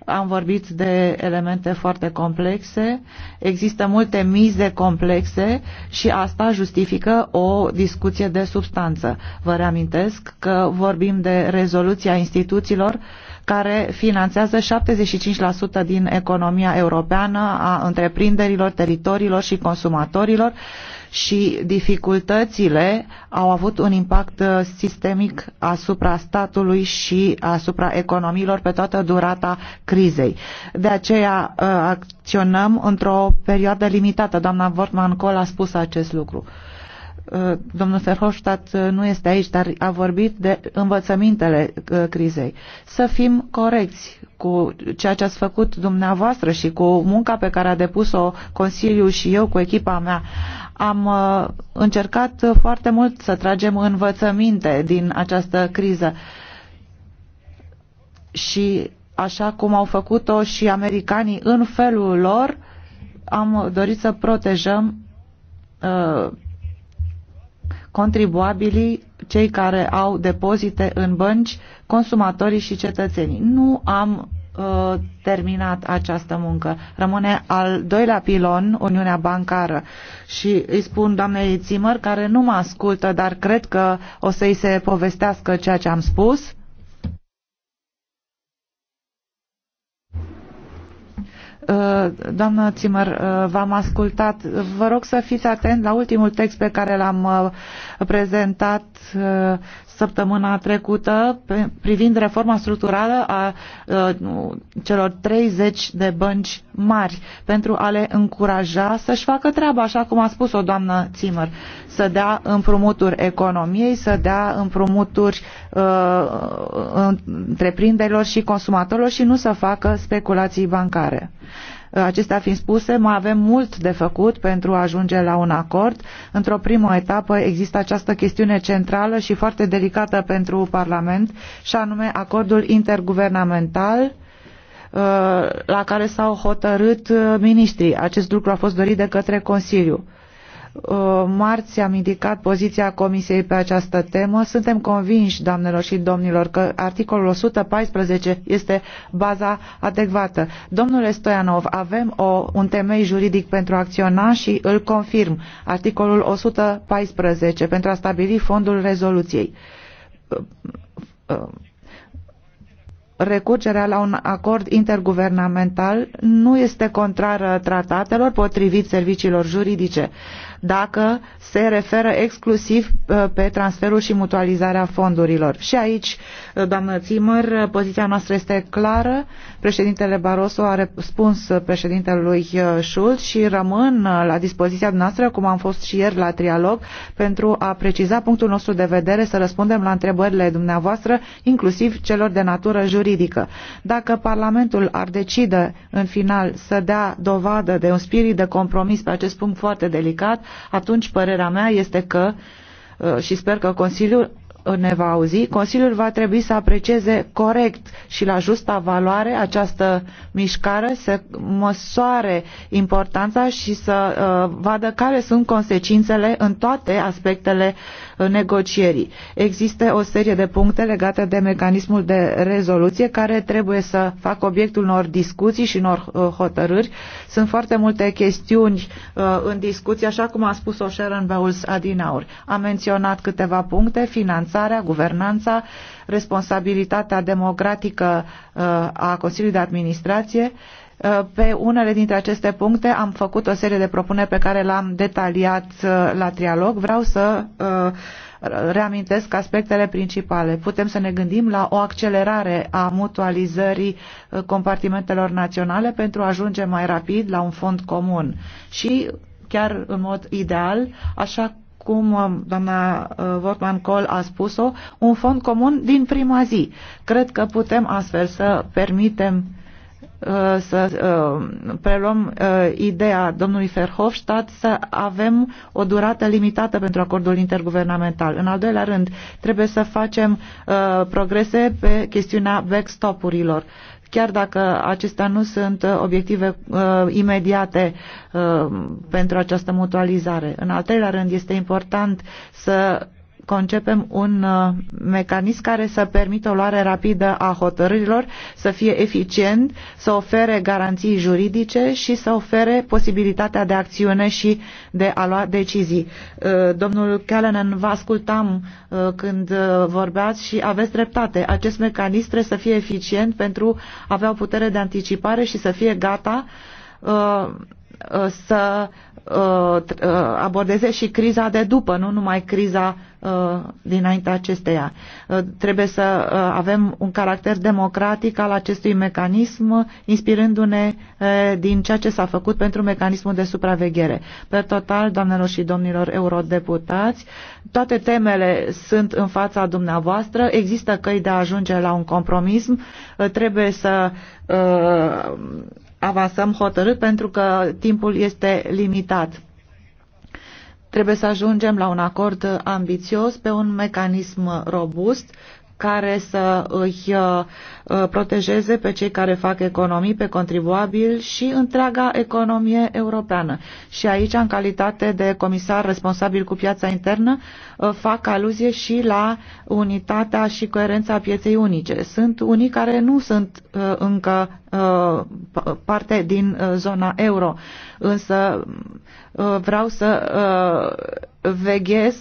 am vorbit de elemente foarte complexe, există multe mize complexe și asta justifică o discuție de substanță. Vă reamintesc că vorbim de rezoluția instituțiilor care finanțează 75% din economia europeană a întreprinderilor, teritoriilor și consumatorilor și dificultățile au avut un impact uh, sistemic asupra statului și asupra economiilor pe toată durata crizei. De aceea uh, acționăm într-o perioadă limitată. Doamna Vortman Col a spus acest lucru. Uh, domnul Verhofstadt uh, nu este aici, dar a vorbit de învățămintele uh, crizei. Să fim corecți cu ceea ce ați făcut dumneavoastră și cu munca pe care a depus-o Consiliul și eu cu echipa mea. Am încercat foarte mult să tragem învățăminte din această criză. Și așa cum au făcut-o și americanii în felul lor, am dorit să protejăm contribuabilii, cei care au depozite în bănci, consumatorii și cetățenii. Nu am uh, terminat această muncă. Rămâne al doilea pilon, Uniunea Bancară. Și îi spun doamnei Zimmer, care nu mă ascultă, dar cred că o să-i se povestească ceea ce am spus, Uh, doamnă Țimăr, uh, v-am ascultat. Vă rog să fiți atent la ultimul text pe care l-am uh, prezentat săptămâna trecută privind reforma structurală a ă, celor 30 de bănci mari pentru a le încuraja să-și facă treaba, așa cum a spus o doamnă Zimmer, să dea împrumuturi economiei, să dea împrumuturi ă, întreprinderilor și consumatorilor și nu să facă speculații bancare. Uh, acestea fiind spuse, mai avem mult de făcut pentru a ajunge la un acord. Într-o primă etapă există această chestiune centrală și foarte delicată pentru Parlament, și anume acordul interguvernamental uh, la care s-au hotărât uh, ministrii. Acest lucru a fost dorit de către Consiliu Uh, Marți am indicat poziția Comisiei pe această temă. Suntem convinși, doamnelor și domnilor, că articolul 114 este baza adecvată. Domnule Stoianov, avem o, un temei juridic pentru a acționa și îl confirm. Articolul 114 pentru a stabili fondul rezoluției uh, uh, recurgerea la un acord interguvernamental nu este contrară tratatelor potrivit serviciilor juridice dacă se referă exclusiv uh, pe transferul și mutualizarea fondurilor. Și aici, uh, doamnă Țimăr, uh, poziția noastră este clară. Președintele Barroso a răspuns președintelui Schulz și rămân la dispoziția noastră, cum am fost și ieri la trialog, pentru a preciza punctul nostru de vedere, să răspundem la întrebările dumneavoastră, inclusiv celor de natură juridică. Dacă Parlamentul ar decide în final să dea dovadă de un spirit de compromis pe acest punct foarte delicat, atunci părerea mea este că uh, și sper că Consiliul ne va auzi, Consiliul va trebui să aprecieze corect și la justa valoare această mișcare, să măsoare importanța și să uh, vadă care sunt consecințele în toate aspectele uh, negocierii. Există o serie de puncte legate de mecanismul de rezoluție care trebuie să facă obiectul unor discuții și unor uh, hotărâri. Sunt foarte multe chestiuni în discuție, așa cum a spus-o Sharon Bowles Adinaur. A menționat câteva puncte, finanțare, finanțarea, guvernanța, responsabilitatea democratică uh, a Consiliului de Administrație. Uh, pe unele dintre aceste puncte am făcut o serie de propuneri pe care le-am detaliat uh, la trialog. Vreau să reamintesc aspectele principale. Putem să ne gândim la o accelerare a mutualizării compartimentelor naționale pentru a ajunge mai rapid la un fond comun și chiar în mod ideal, așa cum um, doamna Vortman uh, Col a spus-o, un fond comun din prima zi. Cred că putem astfel să permitem uh, să uh, preluăm ideea domnului Verhofstadt să avem o durată limitată pentru acordul interguvernamental. În al doilea rând, trebuie să facem progrese pe chestiunea backstop-urilor chiar dacă acestea nu sunt uh, obiective uh, imediate uh, pentru această mutualizare. În al treilea rând, este important să concepem un uh, mecanism care să permită o luare rapidă a hotărârilor, să fie eficient, să ofere garanții juridice și să ofere posibilitatea de acțiune și de a lua decizii. Uh, domnul Callanan, vă ascultam uh, când vorbeați și aveți dreptate. Acest mecanism trebuie să fie eficient pentru a avea o putere de anticipare și să fie gata Uh, să uh, uh, abordeze și criza de după, nu numai criza dinaintea acesteia. Trebuie să avem un caracter democratic al acestui mecanism, inspirându-ne din ceea ce s-a făcut pentru mecanismul de supraveghere. Pe total, doamnelor și domnilor eurodeputați, toate temele sunt în fața dumneavoastră, există căi de a ajunge la un compromis, trebuie să avansăm hotărât pentru că timpul este limitat. Trebuie să ajungem la un acord ambițios pe un mecanism robust care să îi uh, protejeze pe cei care fac economii, pe contribuabil și întreaga economie europeană. Și aici, în calitate de comisar responsabil cu piața internă, uh, fac aluzie și la unitatea și coerența pieței unice. Sunt unii care nu sunt uh, încă parte din uh, zona euro. Însă uh, vreau să uh, veghez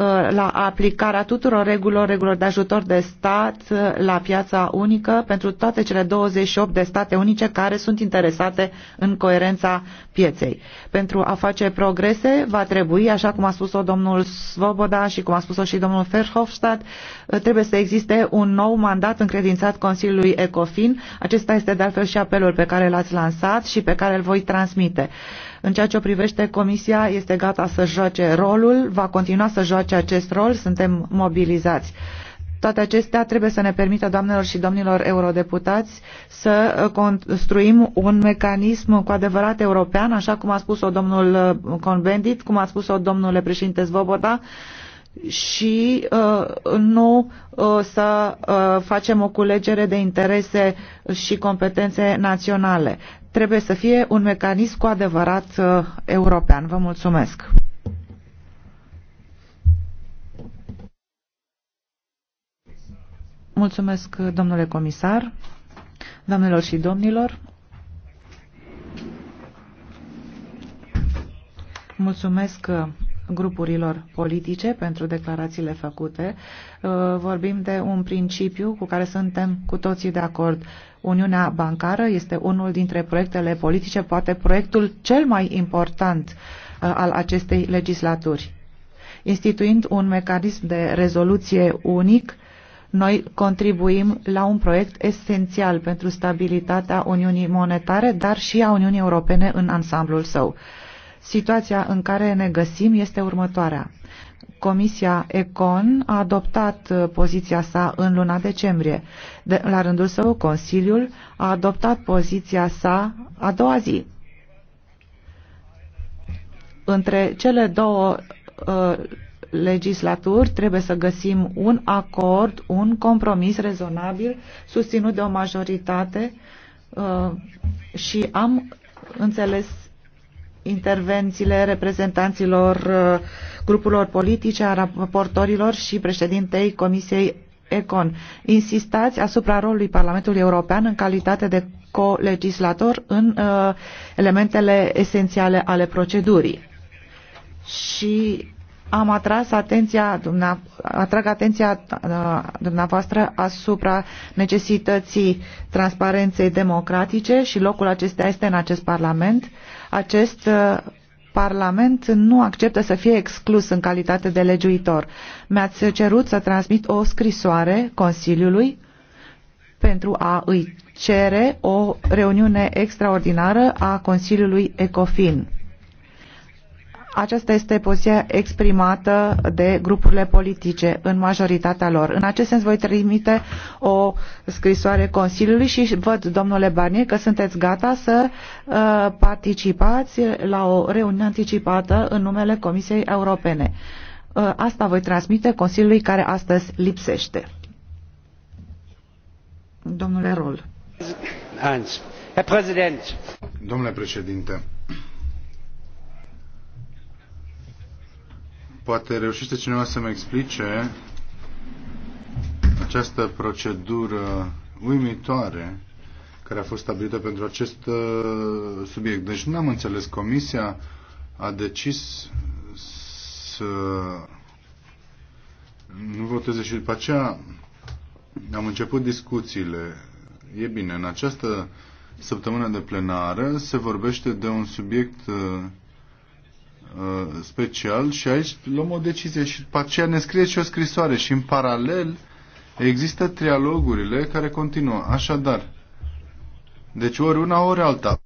Uh, la aplicarea tuturor regulilor, regulilor de ajutor de stat uh, la piața unică pentru toate cele 28 de state unice care sunt interesate în coerența pieței. Pentru a face progrese va trebui, așa cum a spus-o domnul Svoboda și cum a spus-o și domnul Ferhofstadt, uh, trebuie să existe un nou mandat încredințat Consiliului ECOFIN. Acesta este de altfel și apelul pe care l-ați lansat și pe care îl voi transmite. În ceea ce o privește, Comisia este gata să joace rolul, va continua să joace acest rol, suntem mobilizați. Toate acestea trebuie să ne permită, doamnelor și domnilor eurodeputați, să construim un mecanism cu adevărat european, așa cum a spus-o domnul uh, Convendit, cum a spus-o domnule președinte Svoboda, și uh, nu uh, să uh, facem o culegere de interese și competențe naționale trebuie să fie un mecanism cu adevărat uh, european. Vă mulțumesc! Mulțumesc, domnule comisar, doamnelor și domnilor. Mulțumesc uh, grupurilor politice pentru declarațiile făcute. Uh, vorbim de un principiu cu care suntem cu toții de acord. Uniunea bancară este unul dintre proiectele politice, poate proiectul cel mai important uh, al acestei legislaturi. Instituind un mecanism de rezoluție unic, noi contribuim la un proiect esențial pentru stabilitatea Uniunii Monetare, dar și a Uniunii Europene în ansamblul său. Situația în care ne găsim este următoarea. Comisia Econ a adoptat uh, poziția sa în luna decembrie. De, la rândul său, Consiliul a adoptat poziția sa a doua zi. Între cele două uh, legislaturi trebuie să găsim un acord, un compromis rezonabil, susținut de o majoritate uh, și am înțeles intervențiile reprezentanților uh, grupurilor politice, a raportorilor și președintei Comisiei Econ. Insistați asupra rolului Parlamentului European în calitate de co-legislator în uh, elementele esențiale ale procedurii. Și am atras atenția, atrag atenția uh, dumneavoastră asupra necesității transparenței democratice și locul acesta este în acest Parlament acest uh, Parlament nu acceptă să fie exclus în calitate de legiuitor. Mi-ați cerut să transmit o scrisoare Consiliului pentru a îi cere o reuniune extraordinară a Consiliului ECOFIN. Aceasta este poziția exprimată de grupurile politice în majoritatea lor. În acest sens voi trimite o scrisoare Consiliului și văd, domnule Barnier, că sunteți gata să uh, participați la o reuniune anticipată în numele Comisiei Europene. Uh, asta voi transmite Consiliului care astăzi lipsește. Domnule Rol. Domnule președinte, Poate reușește cineva să-mi explice această procedură uimitoare care a fost stabilită pentru acest uh, subiect. Deci nu am înțeles. Comisia a decis să nu voteze și după aceea am început discuțiile. E bine, în această săptămână de plenară se vorbește de un subiect uh, Uh, special și aici luăm o decizie și după aceea ne scrie și o scrisoare și în paralel există trialogurile care continuă. Așadar, deci ori una, ori alta.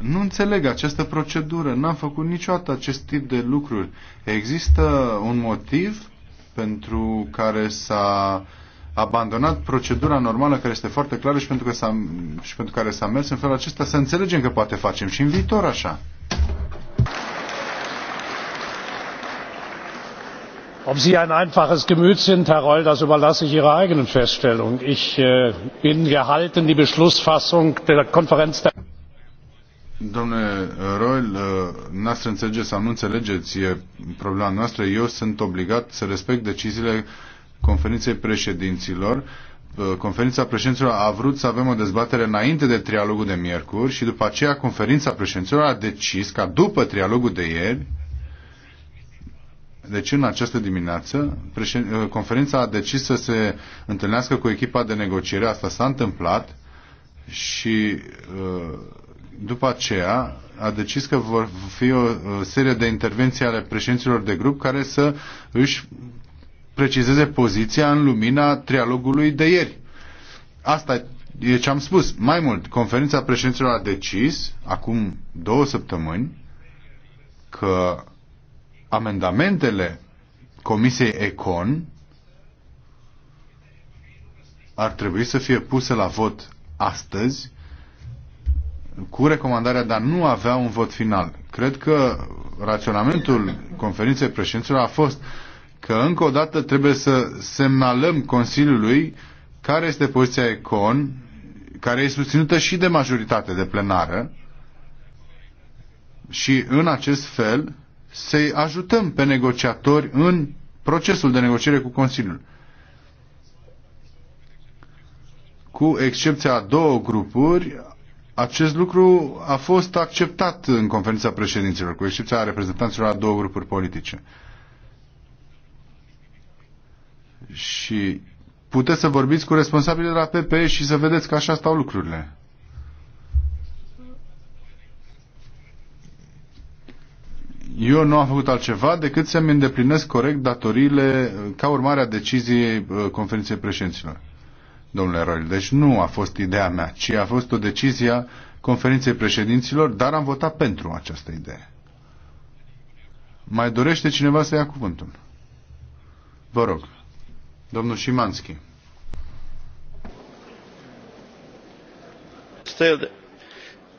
Nu înțeleg această procedură, n-am făcut niciodată acest tip de lucruri. Există un motiv pentru care s-a uh, abandonat procedura normală care este foarte clară și pentru, că s-a, și pentru care s-a mers în felul acesta, să înțelegem că poate facem și în viitor așa. ob sie ein einfaches gemüt sind herr reul das überlasse ich ihrer eigenen feststellung. ich äh, bin gehalten die beschlussfassung der konferenz der Domnule Royal, äh, noastră înțelegeți sau nu înțelegeți, e problema noastră. Eu sunt obligat să respect deciziile conferinței președinților. Uh, conferința președinților a vrut să avem o dezbatere înainte de trialogul de miercuri și după aceea conferința președinților a decis ca după trialogul de ieri, deci în această dimineață, uh, conferința a decis să se întâlnească cu echipa de negociere. Asta s-a întâmplat și uh, după aceea a decis că vor fi o serie de intervenții ale președinților de grup care să își precizeze poziția în lumina trialogului de ieri. Asta e ce am spus. Mai mult, conferința președinților a decis, acum două săptămâni, că amendamentele Comisiei Econ ar trebui să fie puse la vot astăzi cu recomandarea de a nu avea un vot final. Cred că raționamentul conferinței președinților a fost că încă o dată trebuie să semnalăm Consiliului care este poziția Econ, care este susținută și de majoritate de plenară și în acest fel să-i ajutăm pe negociatori în procesul de negociere cu Consiliul. Cu excepția a două grupuri, acest lucru a fost acceptat în conferința președinților, cu excepția a reprezentanților a două grupuri politice. Și puteți să vorbiți cu responsabilii de la PPE și să vedeți că așa stau lucrurile. Eu nu am făcut altceva decât să-mi îndeplinesc corect datoriile uh, ca urmare a deciziei uh, conferinței președinților, domnule Roil. Deci nu a fost ideea mea, ci a fost o decizie a conferinței președinților, dar am votat pentru această idee. Mai dorește cineva să ia cuvântul? Vă rog. Domnul Șimanski.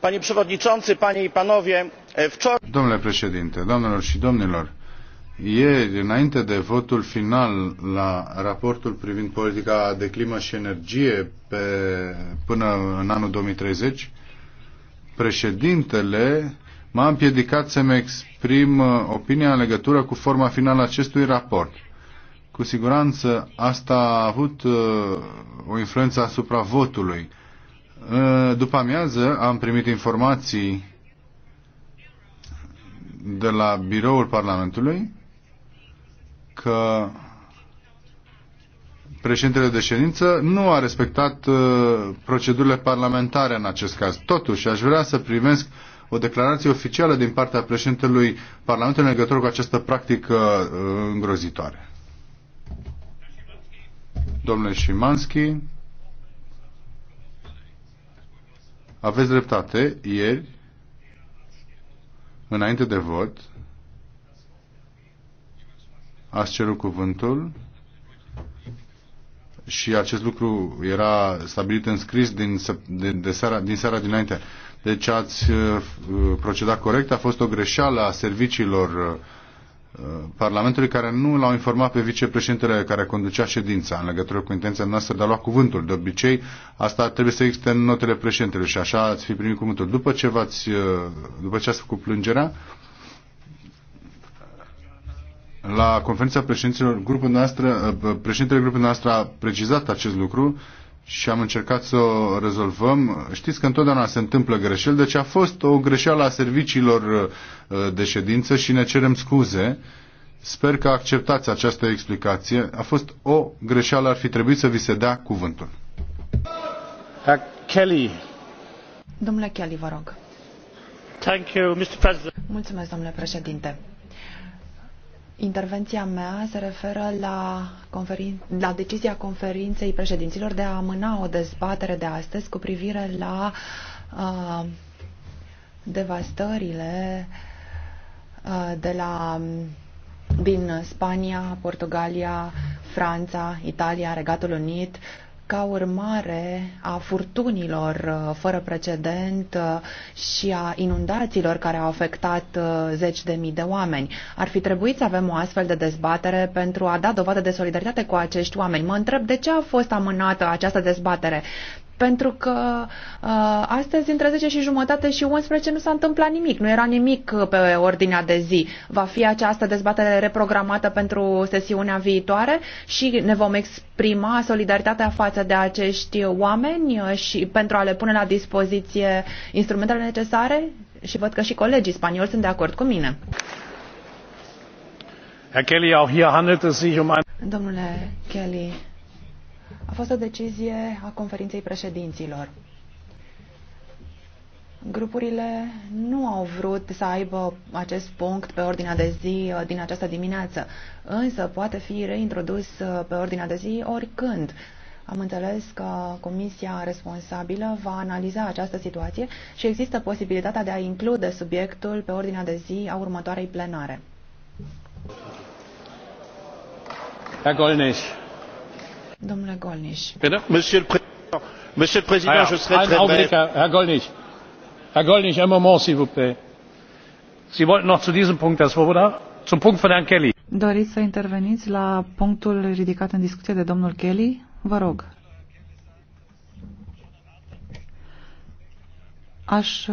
Panie przewodniczący, panie i panowie, wczoraj... Domnule președinte, domnilor și domnilor, ieri, înainte de votul final la raportul privind politica de climă și energie pe, până în anul 2030, președintele m-a împiedicat să-mi exprim uh, opinia în legătură cu forma finală a acestui raport. Cu siguranță asta a avut uh, o influență asupra votului. Uh, după amiază am primit informații de la biroul Parlamentului că președintele de ședință nu a respectat uh, procedurile parlamentare în acest caz. Totuși, aș vrea să primesc o declarație oficială din partea președintelui Parlamentului în legătură cu această practică uh, îngrozitoare. Domnule Șimanski, aveți dreptate. Ieri, înainte de vot, ați cerut cuvântul și acest lucru era stabilit în scris din, de, de seara, din seara dinainte. Deci ați uh, procedat corect, a fost o greșeală a serviciilor uh, Parlamentului care nu l-au informat pe vicepreședintele care conducea ședința în legătură cu intenția noastră de a lua cuvântul. De obicei, asta trebuie să existe în notele președintelui și așa ați fi primit cuvântul. După ce, ați uh, după ce ați făcut plângerea, la conferința președinților, grupul noastră, uh, președintele grupului noastră a precizat acest lucru și am încercat să o rezolvăm. Știți că întotdeauna se întâmplă greșeli, deci a fost o greșeală a serviciilor uh, de ședință și ne cerem scuze. Sper că acceptați această explicație. A fost o greșeală, ar fi trebuit să vi se dea cuvântul. A da, Kelly. Domnule Kelly, vă rog. Thank you, Mr. President. Mulțumesc, domnule președinte Intervenția mea se referă la, conferin- la decizia conferinței președinților de a amâna o dezbatere de astăzi cu privire la uh, devastările uh, de la, din Spania, Portugalia, Franța, Italia, Regatul Unit, ca urmare a furtunilor uh, fără precedent uh, și a inundațiilor care au afectat uh, zeci de mii de oameni. Ar fi trebuit să avem o astfel de dezbatere pentru a da dovadă de solidaritate cu acești oameni. Mă întreb de ce a fost amânată această dezbatere pentru că uh, astăzi între 10 și jumătate și 11 nu s-a întâmplat nimic, nu era nimic uh, pe ordinea de zi. Va fi această dezbatere reprogramată pentru sesiunea viitoare și ne vom exprima solidaritatea față de acești oameni uh, și pentru a le pune la dispoziție instrumentele necesare și văd că și colegii spanioli sunt de acord cu mine. Herr Kelly, auch hier handelt es sich um ein... Domnule Kelly, fost o decizie a conferinței președinților. Grupurile nu au vrut să aibă acest punct pe ordinea de zi uh, din această dimineață, însă poate fi reintrodus uh, pe ordinea de zi oricând. Am înțeles că comisia responsabilă va analiza această situație și există posibilitatea de a include subiectul pe ordinea de zi a următoarei plenare. Herr Gollnisch. Domnule Monsieur le Président, je serai très bref. Herr un moment, s'il vous plaît. Sie wollten noch zu diesem Punkt das Wort, Zum Punkt von Herrn Kelly. Doriți să interveniți la punctul ridicat în discuție de domnul Kelly? Vă rog. Aș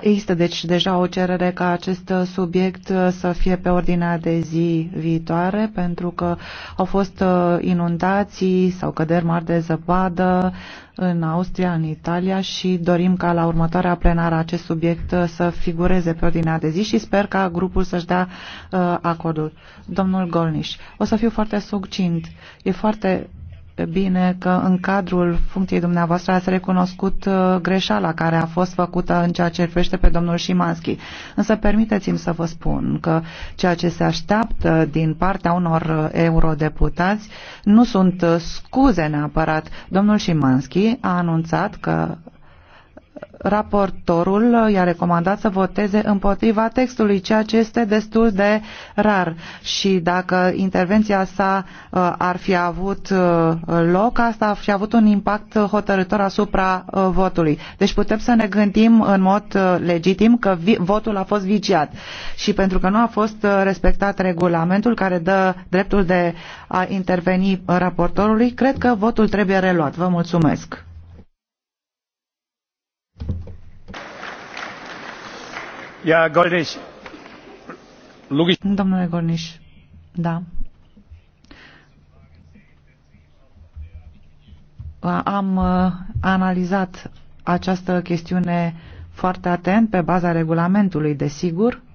Există deci deja o cerere ca acest subiect să fie pe ordinea de zi viitoare pentru că au fost uh, inundații sau căderi mari de zăpadă în Austria, în Italia și dorim ca la următoarea plenară acest subiect uh, să figureze pe ordinea de zi și sper ca grupul să-și dea uh, acordul. Domnul Golniș, o să fiu foarte succint. E foarte bine că în cadrul funcției dumneavoastră ați recunoscut uh, greșeala care a fost făcută în ceea ce privește pe domnul Șimanski. Însă permiteți-mi să vă spun că ceea ce se așteaptă din partea unor uh, eurodeputați nu sunt uh, scuze neapărat. Domnul Șimanski a anunțat că raportorul i-a recomandat să voteze împotriva textului, ceea ce este destul de rar. Și dacă intervenția sa uh, ar fi avut uh, loc, asta ar fi avut un impact hotărător asupra uh, votului. Deci putem să ne gândim în mod legitim că votul a fost viciat. Și pentru că nu a fost respectat regulamentul care dă dreptul de a interveni raportorului, cred că votul trebuie reluat. Vă mulțumesc. Ja, Domnule Gorniș, da. Am uh, analizat această chestiune foarte atent pe baza regulamentului, desigur.